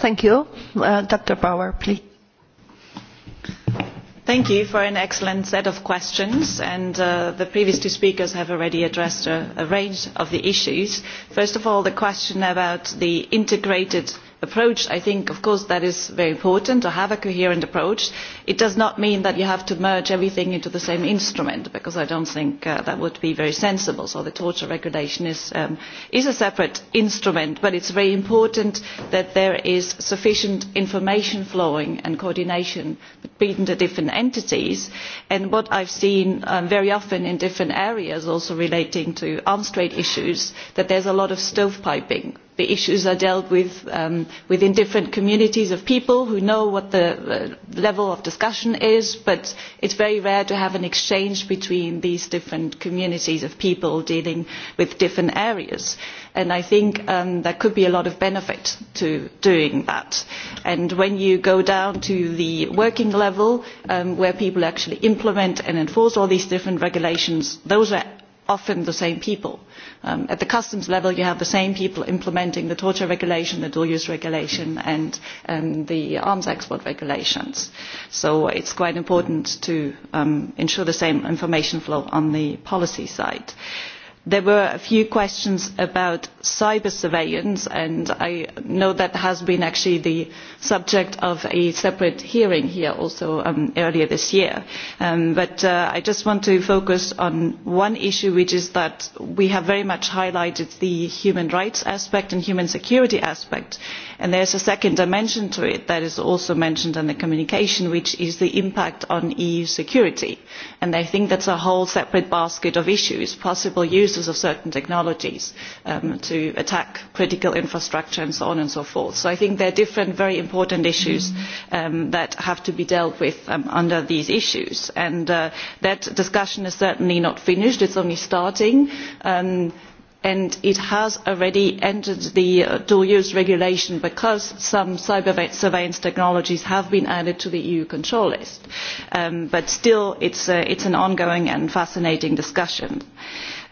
Thank you. Uh, Dr. Bauer, please. Thank you for an excellent set of questions, and uh, the previous two speakers have already addressed a, a range of the issues. First of all, the question about the integrated approach i think of course that is very important to have a coherent approach. it does not mean that you have to merge everything into the same instrument because i do not think uh, that would be very sensible so the torture regulation is, um, a separate instrument but it is very important that there is sufficient information flowing and coordination between the different entities and what i have seen um, very often in different areas also relating to arms trade issues is that there is a lot of stovepiping the issues are dealt with um, within different communities of people who know what the uh, level of discussion is but it is very rare to have an exchange between these different communities of people dealing with different areas and i think um, there could be a lot of benefit to doing that and when you go down to the working level um, where people actually implement and enforce all these different regulations those are often the same people. Um, at the customs level you have the same people implementing the torture regulation, the dual use regulation and um, the arms export regulations. So it's quite important to um, ensure the same information flow on the policy side. Uh, there were a few questions about cyber surveillance and i know that has been actually the subject of a separate hearing here also um, earlier this year um, but uh, i just want to focus on one issue which is that we have very much highlighted the human rights aspect and human security aspect and there is a second dimension to it that is also mentioned in the communication which is the impact on eu security and i think that is a whole separate basket of issues possible use users of certain technologies um, to attack critical infrastructure and so on and so forth. So I think there are different very important issues um, that have to be dealt with um, under these issues. And uh, that discussion is certainly not finished, it's only starting. Um, and it has already entered the uh, dual use regulation because some cyber surveillance technologies have been added to the eu control list um, but still it's, is uh, it's an ongoing and fascinating discussion.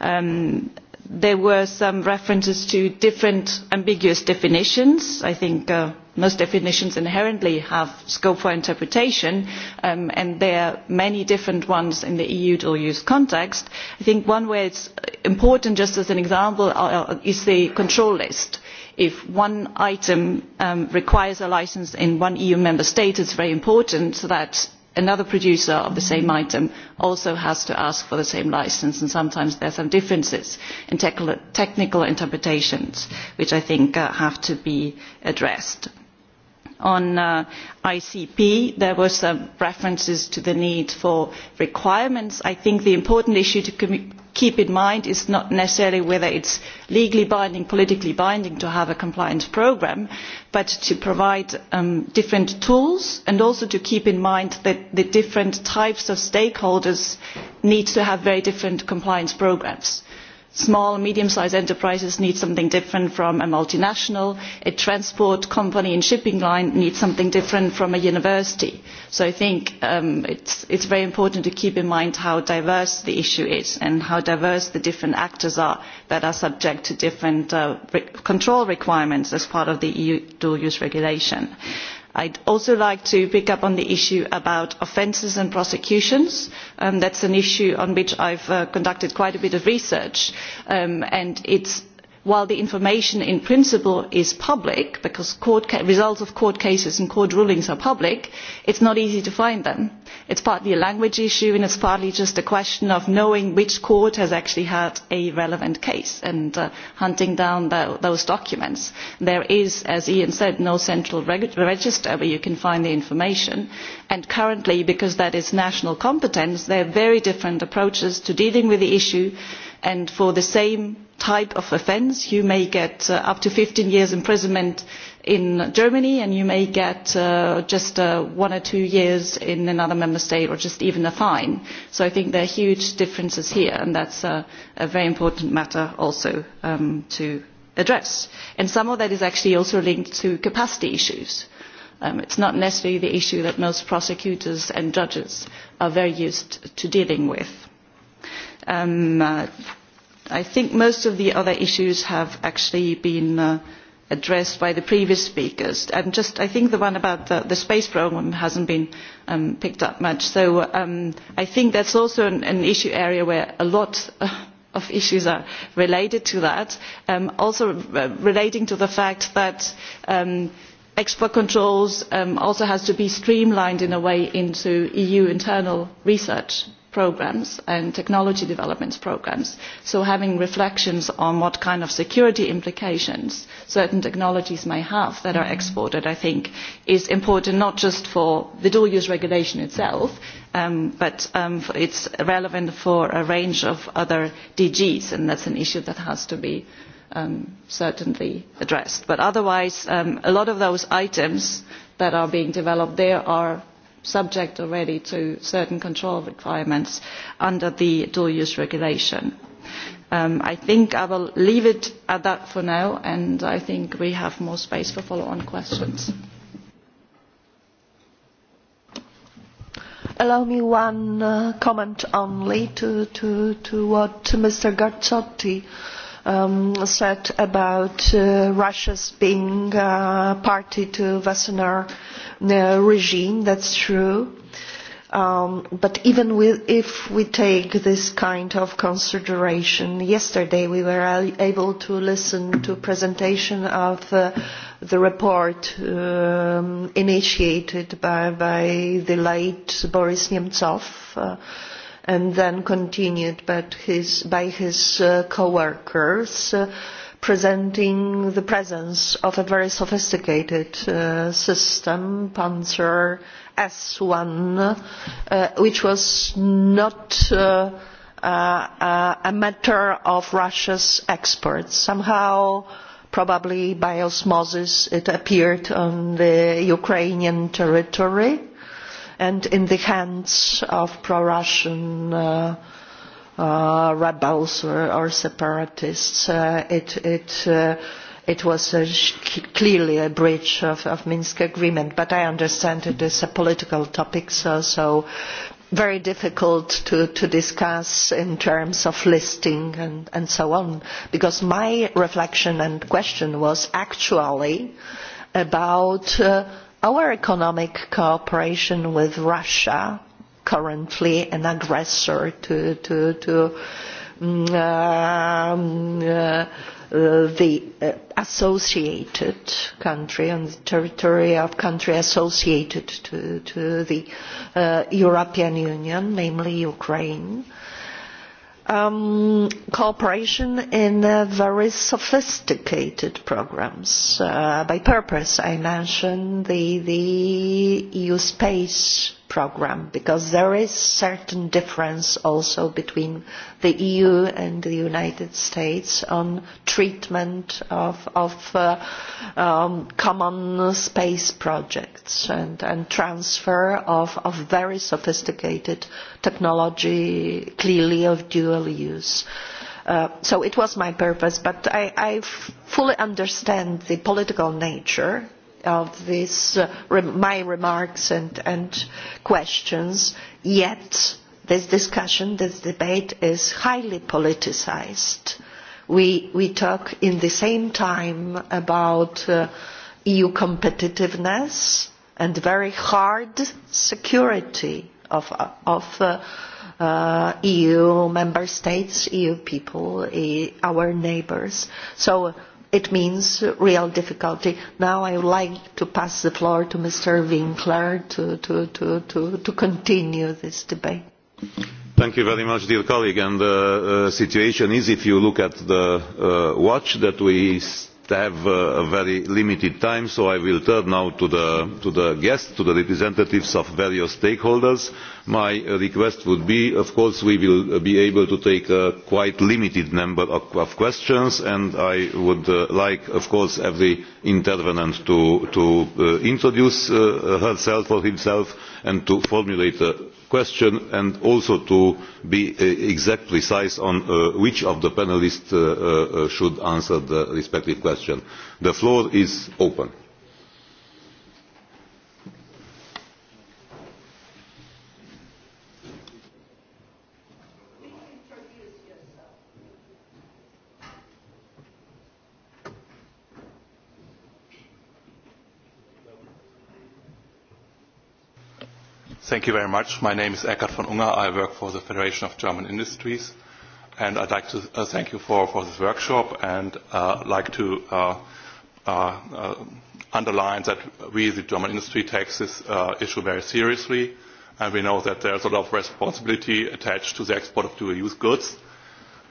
Um, there were some references to different ambiguous definitions. I think uh, most definitions inherently have scope for interpretation um, and there are many different ones in the eu dual use context. i think one where it is important just as an example uh, uh, is the control list. if one item um, requires a licence in one eu member state it is very important that another producer of the same item also has to ask for the same licence, and sometimes there are some differences in technical interpretations which I think uh, have to be addressed. On uh, ICP, there were some references to the need for requirements. I think the important issue to keep in mind is not necessarily whether it is legally binding or politically binding to have a compliance programme but to provide um, different tools and also to keep in mind that the different types of stakeholders need to have very different compliance programmes small and medium sized enterprises need something different from a multinational a transport company and shipping line needs something different from a university so i think um, it is very important to keep in mind how diverse the issue is and how diverse the different actors are that are subject to different uh, control requirements as part of the eu dual use regulation i would also like to pick up on the issue about offences and prosecutions. Um, that is an issue on which i have uh, conducted quite a bit of research um, and it while the information in principle is public because results of court cases and court rulings are public it is not easy to find them. it is partly a language issue and it is partly just a question of knowing which court has actually had a relevant case and uh, hunting down those documents. there is as ian said no central register where you can find the information and currently because that is national competence there are very different approaches to dealing with the issue and for the same type of offence you may get uh, up to fifteen years imprisonment in germany and you may get uh, just uh, one or two years in another member state or even a fine. so i think there are huge differences here and that is a very important matter also um, to address. some of that is actually also linked to capacity issues. Um, it is not necessarily the issue that most prosecutors and judges are very used to dealing with Um, uh, I think most of the other issues have actually been uh, addressed by the previous speakers. And um, just, I think the one about the, the space programme hasn't been um, picked up much. So um, I think that's also an, an issue area where a lot of issues are related to that. Um, also uh, relating to the fact that um, export controls um, also has to be streamlined in a way into EU internal research programs and technology development programs. So having reflections on what kind of security implications certain technologies may have that are exported, I think, is important not just for the dual-use regulation itself, um, but um, it's relevant for a range of other DGs, and that's an issue that has to be um, certainly addressed. But otherwise, um, a lot of those items that are being developed there are subject already to certain control requirements under the dual use regulation. Um, I think I will leave it at that for now and I think we have more space for follow-on questions. Allow me one uh, comment only to, to, to what Mr. Garzotti uh, um, said about uh, Russia's being uh, party to Wassenaar uh, regime. That's true. Um, but even with, if we take this kind of consideration, yesterday we were able to listen to presentation of uh, the report um, initiated by, by the late Boris Nemtsov. Uh, and then continued his, by his uh, co-workers uh, presenting the presence of a very sophisticated uh, system, Panzer S1, uh, which was not uh, uh a matter of Russia's exports. Somehow, probably by osmosis, it appeared on the Ukrainian territory and in the hands of pro-Russian uh, uh, rebels or, or separatists. Uh, it, it, uh, it was a, clearly a breach of, of Minsk agreement, but I understand it is a political topic, so, so very difficult to, to discuss in terms of listing and, and so on, because my reflection and question was actually about uh, our economic cooperation with Russia, currently an aggressor to, to, to mm, um, uh, the uh, associated country and the territory of country associated to, to the uh, European Union, namely Ukraine. Uh, um, cooperation in uh, very sophisticated programs. Uh, by purpose, I mention the, the EU space programme because there is certain difference also between the EU and the United States on treatment of, of uh, um, common space projects and, and transfer of, of very sophisticated technology clearly of dual use. Uh, so it was my purpose, but I, I fully understand the political nature of this, uh, re my remarks and, and questions, yet this discussion, this debate is highly politicized. We, we talk in the same time about uh, EU competitiveness and very hard security of, uh, of uh, uh, EU member states, EU people, e, our neighbors. So it means real difficulty. Now I would like to pass the floor to Mr. Winkler to, to, to, to, to continue this debate. Thank you very much, dear colleague. And the uh, uh, situation is, if you look at the uh, watch that we to have a very limited time so i will turn now to the, guests to the representatives of various stakeholders. my request would be of course we will be able to take a quite limited number of, questions and i would uh, like of course every intervenant to, to uh, introduce uh, herself or himself and to formulate a question and also to be uh, exact precise on uh, which of the panelists uh, should answer the respective question. the floor is open. Thank you very much. My name is Eckhard von Unger. I work for the Federation of German Industries. And I'd like to uh, thank you for, for this workshop and uh, like to uh, uh, uh, underline that we, the German industry, take this uh, issue very seriously. And we know that there's a lot of responsibility attached to the export of dual-use goods.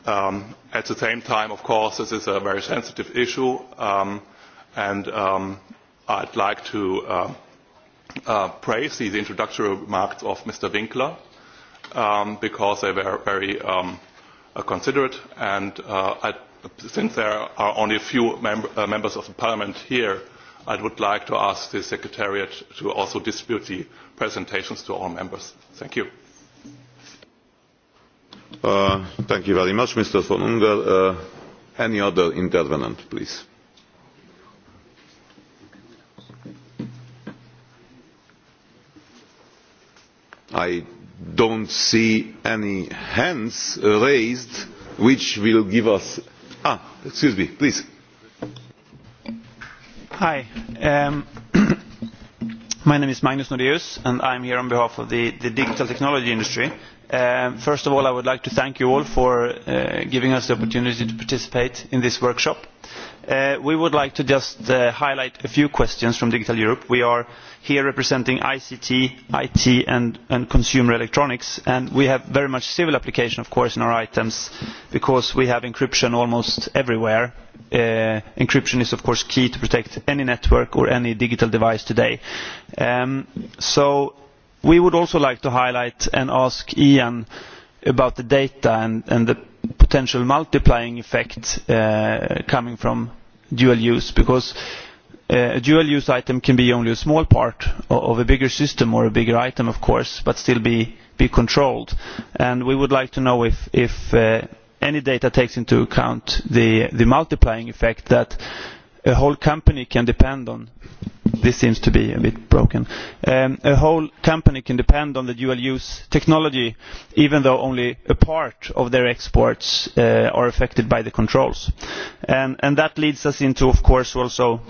Um, at the same time, of course, this is a very sensitive issue. Um, and um, I'd like to uh, uh, praise these introductory remarks of Mr. Winkler um, because they were very um, uh, considerate. And uh, I, since there are only a few mem uh, members of the Parliament here, I would like to ask the Secretariat to also distribute the presentations to all members. Thank you. Uh, thank you very much, Mr. von Unger. Uh, any other intervenant, please? i do not see any hands raised which will give us ah excuse me please hi um, my name is magnus nordeus and i am here on behalf of the digital technology industry Uh, first of all, I would like to thank you all for uh, giving us the opportunity to participate in this workshop. Uh, we would like to just uh, highlight a few questions from Digital Europe. We are here representing ICT, IT and, and consumer electronics and we have very much civil application of course in our items because we have encryption almost everywhere. Uh, encryption is of course key to protect any network or any digital device today. Um, so we would also like to highlight and ask ian about the data and, the potential multiplying effect uh, coming from dual use because uh, a dual use item can be only a small part of a bigger system or a bigger item of course but still be, controlled and we would like to know if, uh, any data takes into account the multiplying effect that a whole company can depend on this seems to be a bit broken. Um, a whole company can depend on the dual-use technology, even though only a part of their exports uh, are affected by the controls. And, and that leads us into, of course, also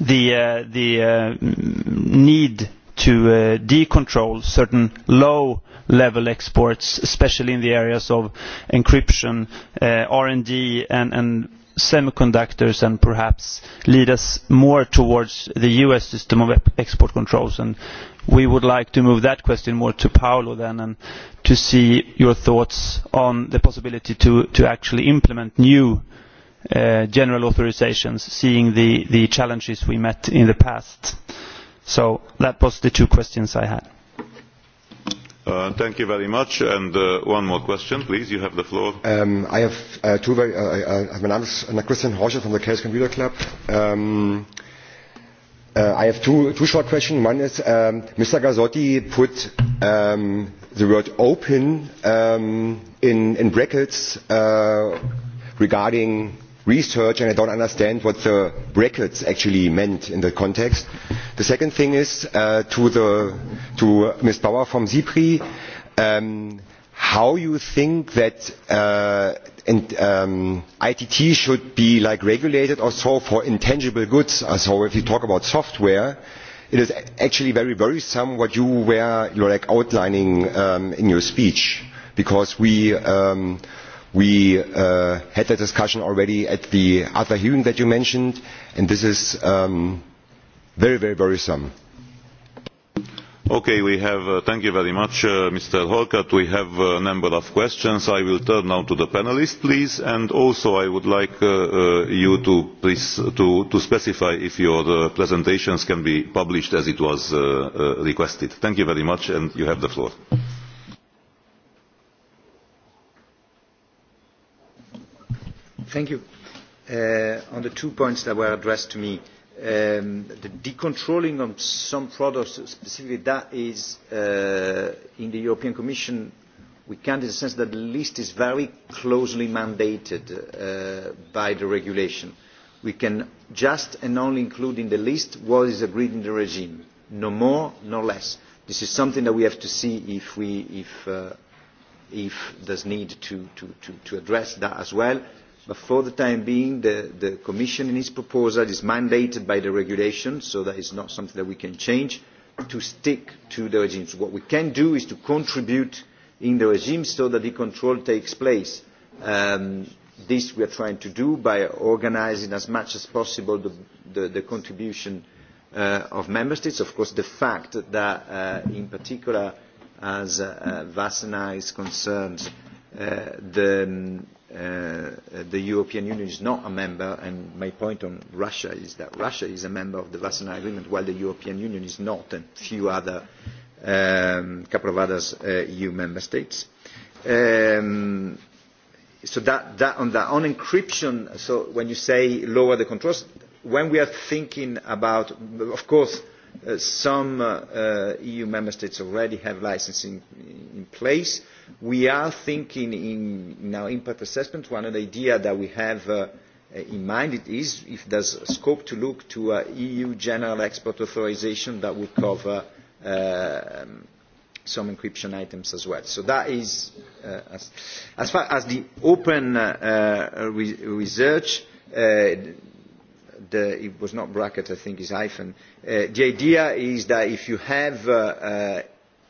the, uh, the uh, need to uh, decontrol certain low level exports especially in the areas of encryption uh, R&D and, and semiconductors and perhaps lead us more towards the US system of export controls. And we would like to move that question more to Paolo then and to see your thoughts on the possibility to, to actually implement new uh, general authorizations, seeing the, the challenges we met in the past. So that was the two questions I had. Uh, thank you very much. And uh, one more question, please. You have the floor. Um, I have uh, two very. Uh, uh, my name is Christian Horscher from the Chaos Computer Club. Um, uh, I have two, two short questions. One is um, Mr. Gazzotti put um, the word open um, in, in brackets uh, regarding research and I don't understand what the brackets actually meant in the context. The second thing is uh, to, the, to uh, Ms. Bauer from Cyprus, um, how you think that uh, um, ITT should be like regulated or so for intangible goods. Uh, so if you talk about software, it is actually very worrisome what you were like outlining um, in your speech because we um, We uh, had that discussion already at the other hearing that you mentioned, and this is um, very, very worrisome. Okay, we have, uh, thank you very much, uh, Mr. Holkert. We have uh, a number of questions. I will turn now to the panelists, please, and also I would like uh, uh, you to, please, uh, to, to specify if your uh, presentations can be published as it was uh, uh, requested. Thank you very much, and you have the floor. Thank you. Uh, on the two points that were addressed to me, um, the decontrolling of some products, specifically that is uh, in the European Commission, we can't in the sense that the list is very closely mandated uh, by the regulation. We can just and only include in the list what is agreed in the regime, no more, no less. This is something that we have to see if, we, if, uh, if there's need to, to, to, to address that as well but for the time being the, the Commission in its proposal is mandated by the regulation, so that is not something that we can change, to stick to the regimes. What we can do is to contribute in the regime so that the control takes place. Um, this we are trying to do by organising as much as possible the, the, the contribution uh, of member states. Of course, the fact that, uh, in particular, as uh, Vassana is concerned, uh, the, um, Uh, the European Union is not a member, and my point on Russia is that Russia is a member of the Wassenaar Agreement, while the European Union is not, and few other, um, couple of others uh, EU member states. Um, so that, that on that. On encryption, so when you say lower the controls, when we are thinking about, of course, uh, some uh, uh, e EU member states already have licensing in place. Uh, We are thinking in, in our impact assessment, one of the ideas that we have uh, uh, in mind it is if there's scope to look to uh, EU general export authorization that would cover uh, um, some encryption items as well. So that is, uh, as, as far as the open uh, uh, re research, uh, the, it was not bracket, I think it's hyphen. Uh, the idea is that if you have uh, uh,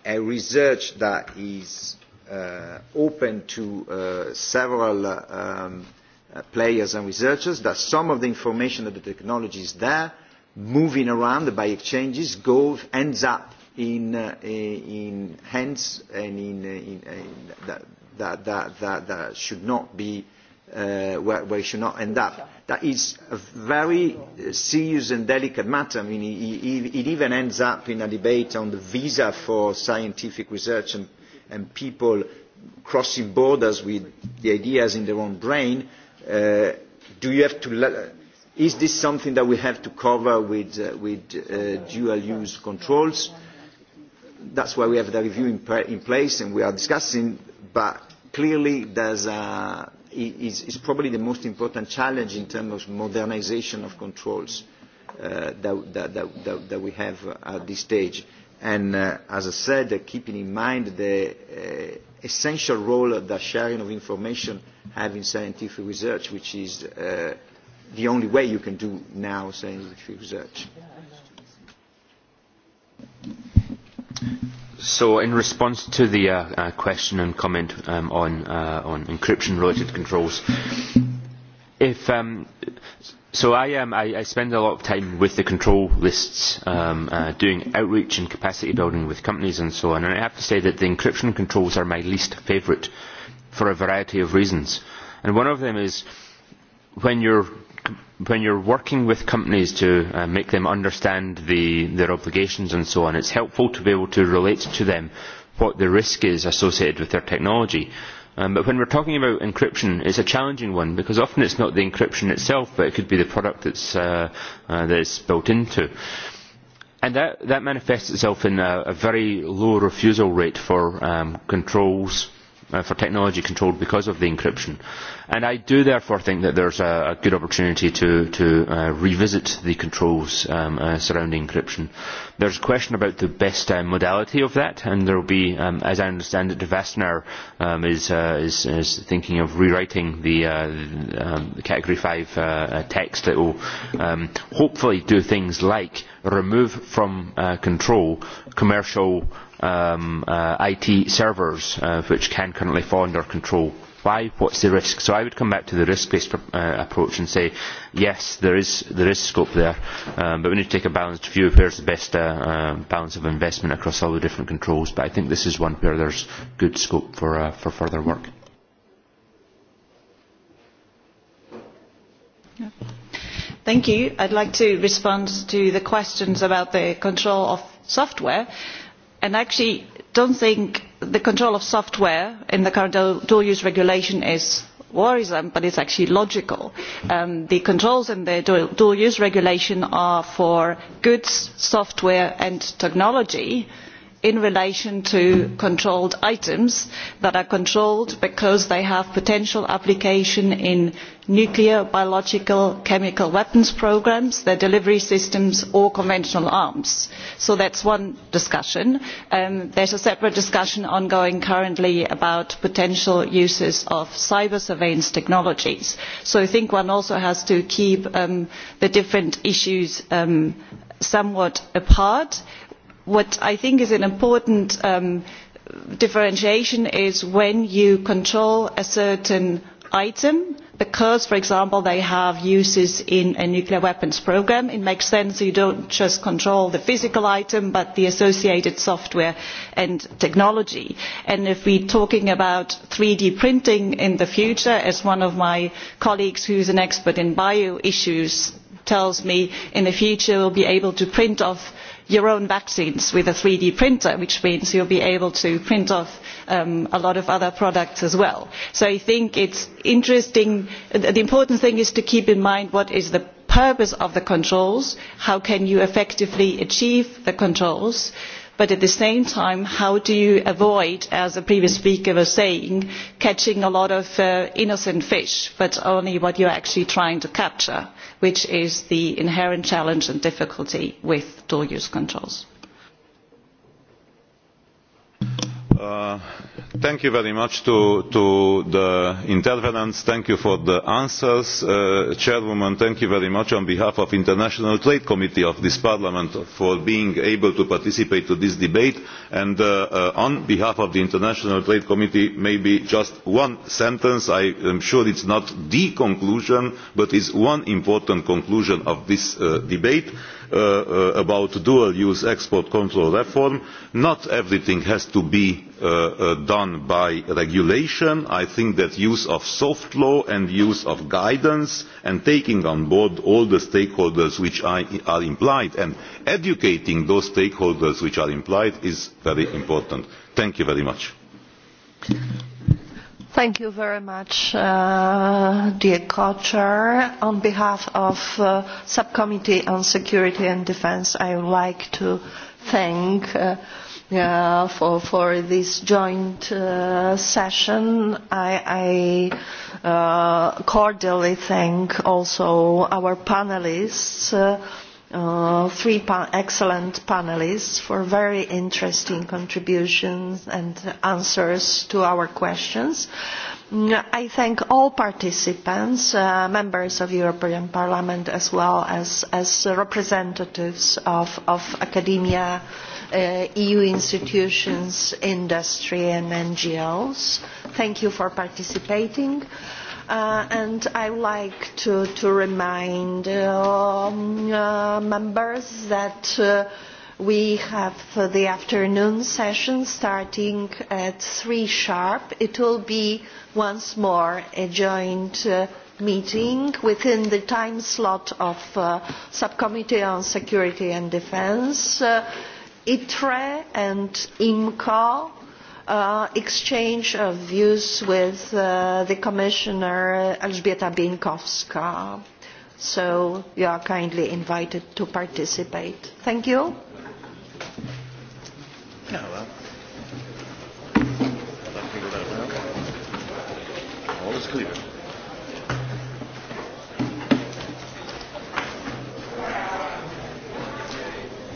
a research that is uh, open to uh, several um, uh, players and researchers, that some of the information that the technology is there, moving around by exchanges, go, ends up in, uh, in hands and in, uh, in, uh, in that, that, that, that, that should not be uh, where, where it should not end up. That is a very serious and delicate matter. I mean, it, it even ends up in a debate on the visa for scientific research and and people crossing borders with the ideas in their own brain, uh, do you have to, is this something that we have to cover with, uh, with uh, dual use controls? That's why we have the review in, in place and we are discussing, but clearly there's a, is, is probably the most important challenge in terms of modernization of controls uh, that, that, that, that we have at this stage and uh, as I said, uh, keeping in mind the uh, essential role that sharing of information have in scientific research, which is uh, the only way you can do now scientific research. So, in response to the uh, uh, question and comment um, on, uh, on encryption-related controls, Um, so I, um, I, I spend a lot of time with the control lists um, uh, doing outreach and capacity building with companies and so on and I have to say that the encryption controls are my least favourite for a variety of reasons and one of them is when you're when you're working with companies to uh, make them understand the, their obligations and so on, it's helpful to be able to relate to them what the risk is associated with their technology. Um, but when we're talking about encryption, it's a challenging one because often it's not the encryption itself, but it could be the product that's, uh, uh, that's built into. And that, that manifests itself in a, a very low refusal rate for um, controls, Uh, for technology control because of the encryption. And I do therefore think that there's a, a good opportunity to, to uh, revisit the controls um, uh, surrounding encryption. There's a question about the best uh, modality of that, and there will be, um, as I understand it, De Vastner um, is, uh, is, is thinking of rewriting the, uh, um, the um, Category 5 uh, uh, text that will um, hopefully do things like remove from uh, control commercial um, uh, IT servers uh, which can currently fall under control? Why? What's the risk? So I would come back to the risk-based uh, approach and say, yes, there is, there is scope there, um, but we need to take a balanced view of where's the best uh, uh, balance of investment across all the different controls. But I think this is one where there's good scope for, uh, for further work. Yeah. Thank you. I'd like to respond to the questions about the control of software and i actually do not think the control of software in the current dual use regulation is worrisome but it is actually logical. Um, the controls in the dual, dual use regulation are for goods software and technology and in relation to controlled items that are controlled because they have potential application in nuclear biological chemical weapons programmes their delivery systems or conventional arms. so that is one discussion. Um, there is a separate discussion ongoing currently about potential uses of cyber surveillance technologies. so i think one also has to keep um, the different issues um, somewhat apart what i think is an important um, differentiation is when you control a certain item because for example they have uses in a nuclear weapons programme it makes sense you do not just control the physical item but the associated software and technology and if we are talking about three d printing in the future as one of my colleagues who is an expert in bio issues tells me in the future we will be able to print off your own vaccines with a 3D printer, which means you'll be able to print off um, a lot of other products as well. So I think it's interesting. The important thing is to keep in mind what is the purpose of the controls, how can you effectively achieve the controls, but at the same time how do you avoid as the previous speaker was saying catching a lot of uh, innocent fish but only what you are actually trying to capture? which is the inherent challenge and difficulty with dual use controls. Uh, thank you very much to, to the intervenants thank you for the answers. Uh, chairwoman thank you very much on behalf of the international trade committee of this parliament for being able to participate in this debate and uh, uh, on behalf of the international trade committee maybe just one sentence i am sure it is not the conclusion but it is one important conclusion of this uh, debate. Uh, uh, about dual use export control reform not everything has to be uh, done by regulation. i think that use of soft law and use of guidance and taking on board all the stakeholders which are implied and educating those stakeholders which are implied is very important. thank you very much. Thank you very much, uh, dear co-chair. On behalf of uh, Subcommittee on Security and Defence, I would like to thank uh, uh, for, for this joint uh, session. I, I uh, cordially thank also our panelists. Uh, Uh, three pa excellent panelists for very interesting contributions and answers to our questions. Mm, I thank all participants, uh, members of European Parliament as well as, as representatives of, of academia, uh, EU institutions, industry and NGOs. Thank you for participating. Uh, Uh, and I would like to, to remind um, uh, members that uh, we have the afternoon session starting at 3 sharp. It will be once more a joint uh, meeting within the time slot of uh, Subcommittee on Security and Defence, uh, ITRE and IMCO Uh, exchange of views with uh, the Commissioner Elżbieta Bienkowska. So you are kindly invited to participate. Thank you. Yeah, well. All is clear.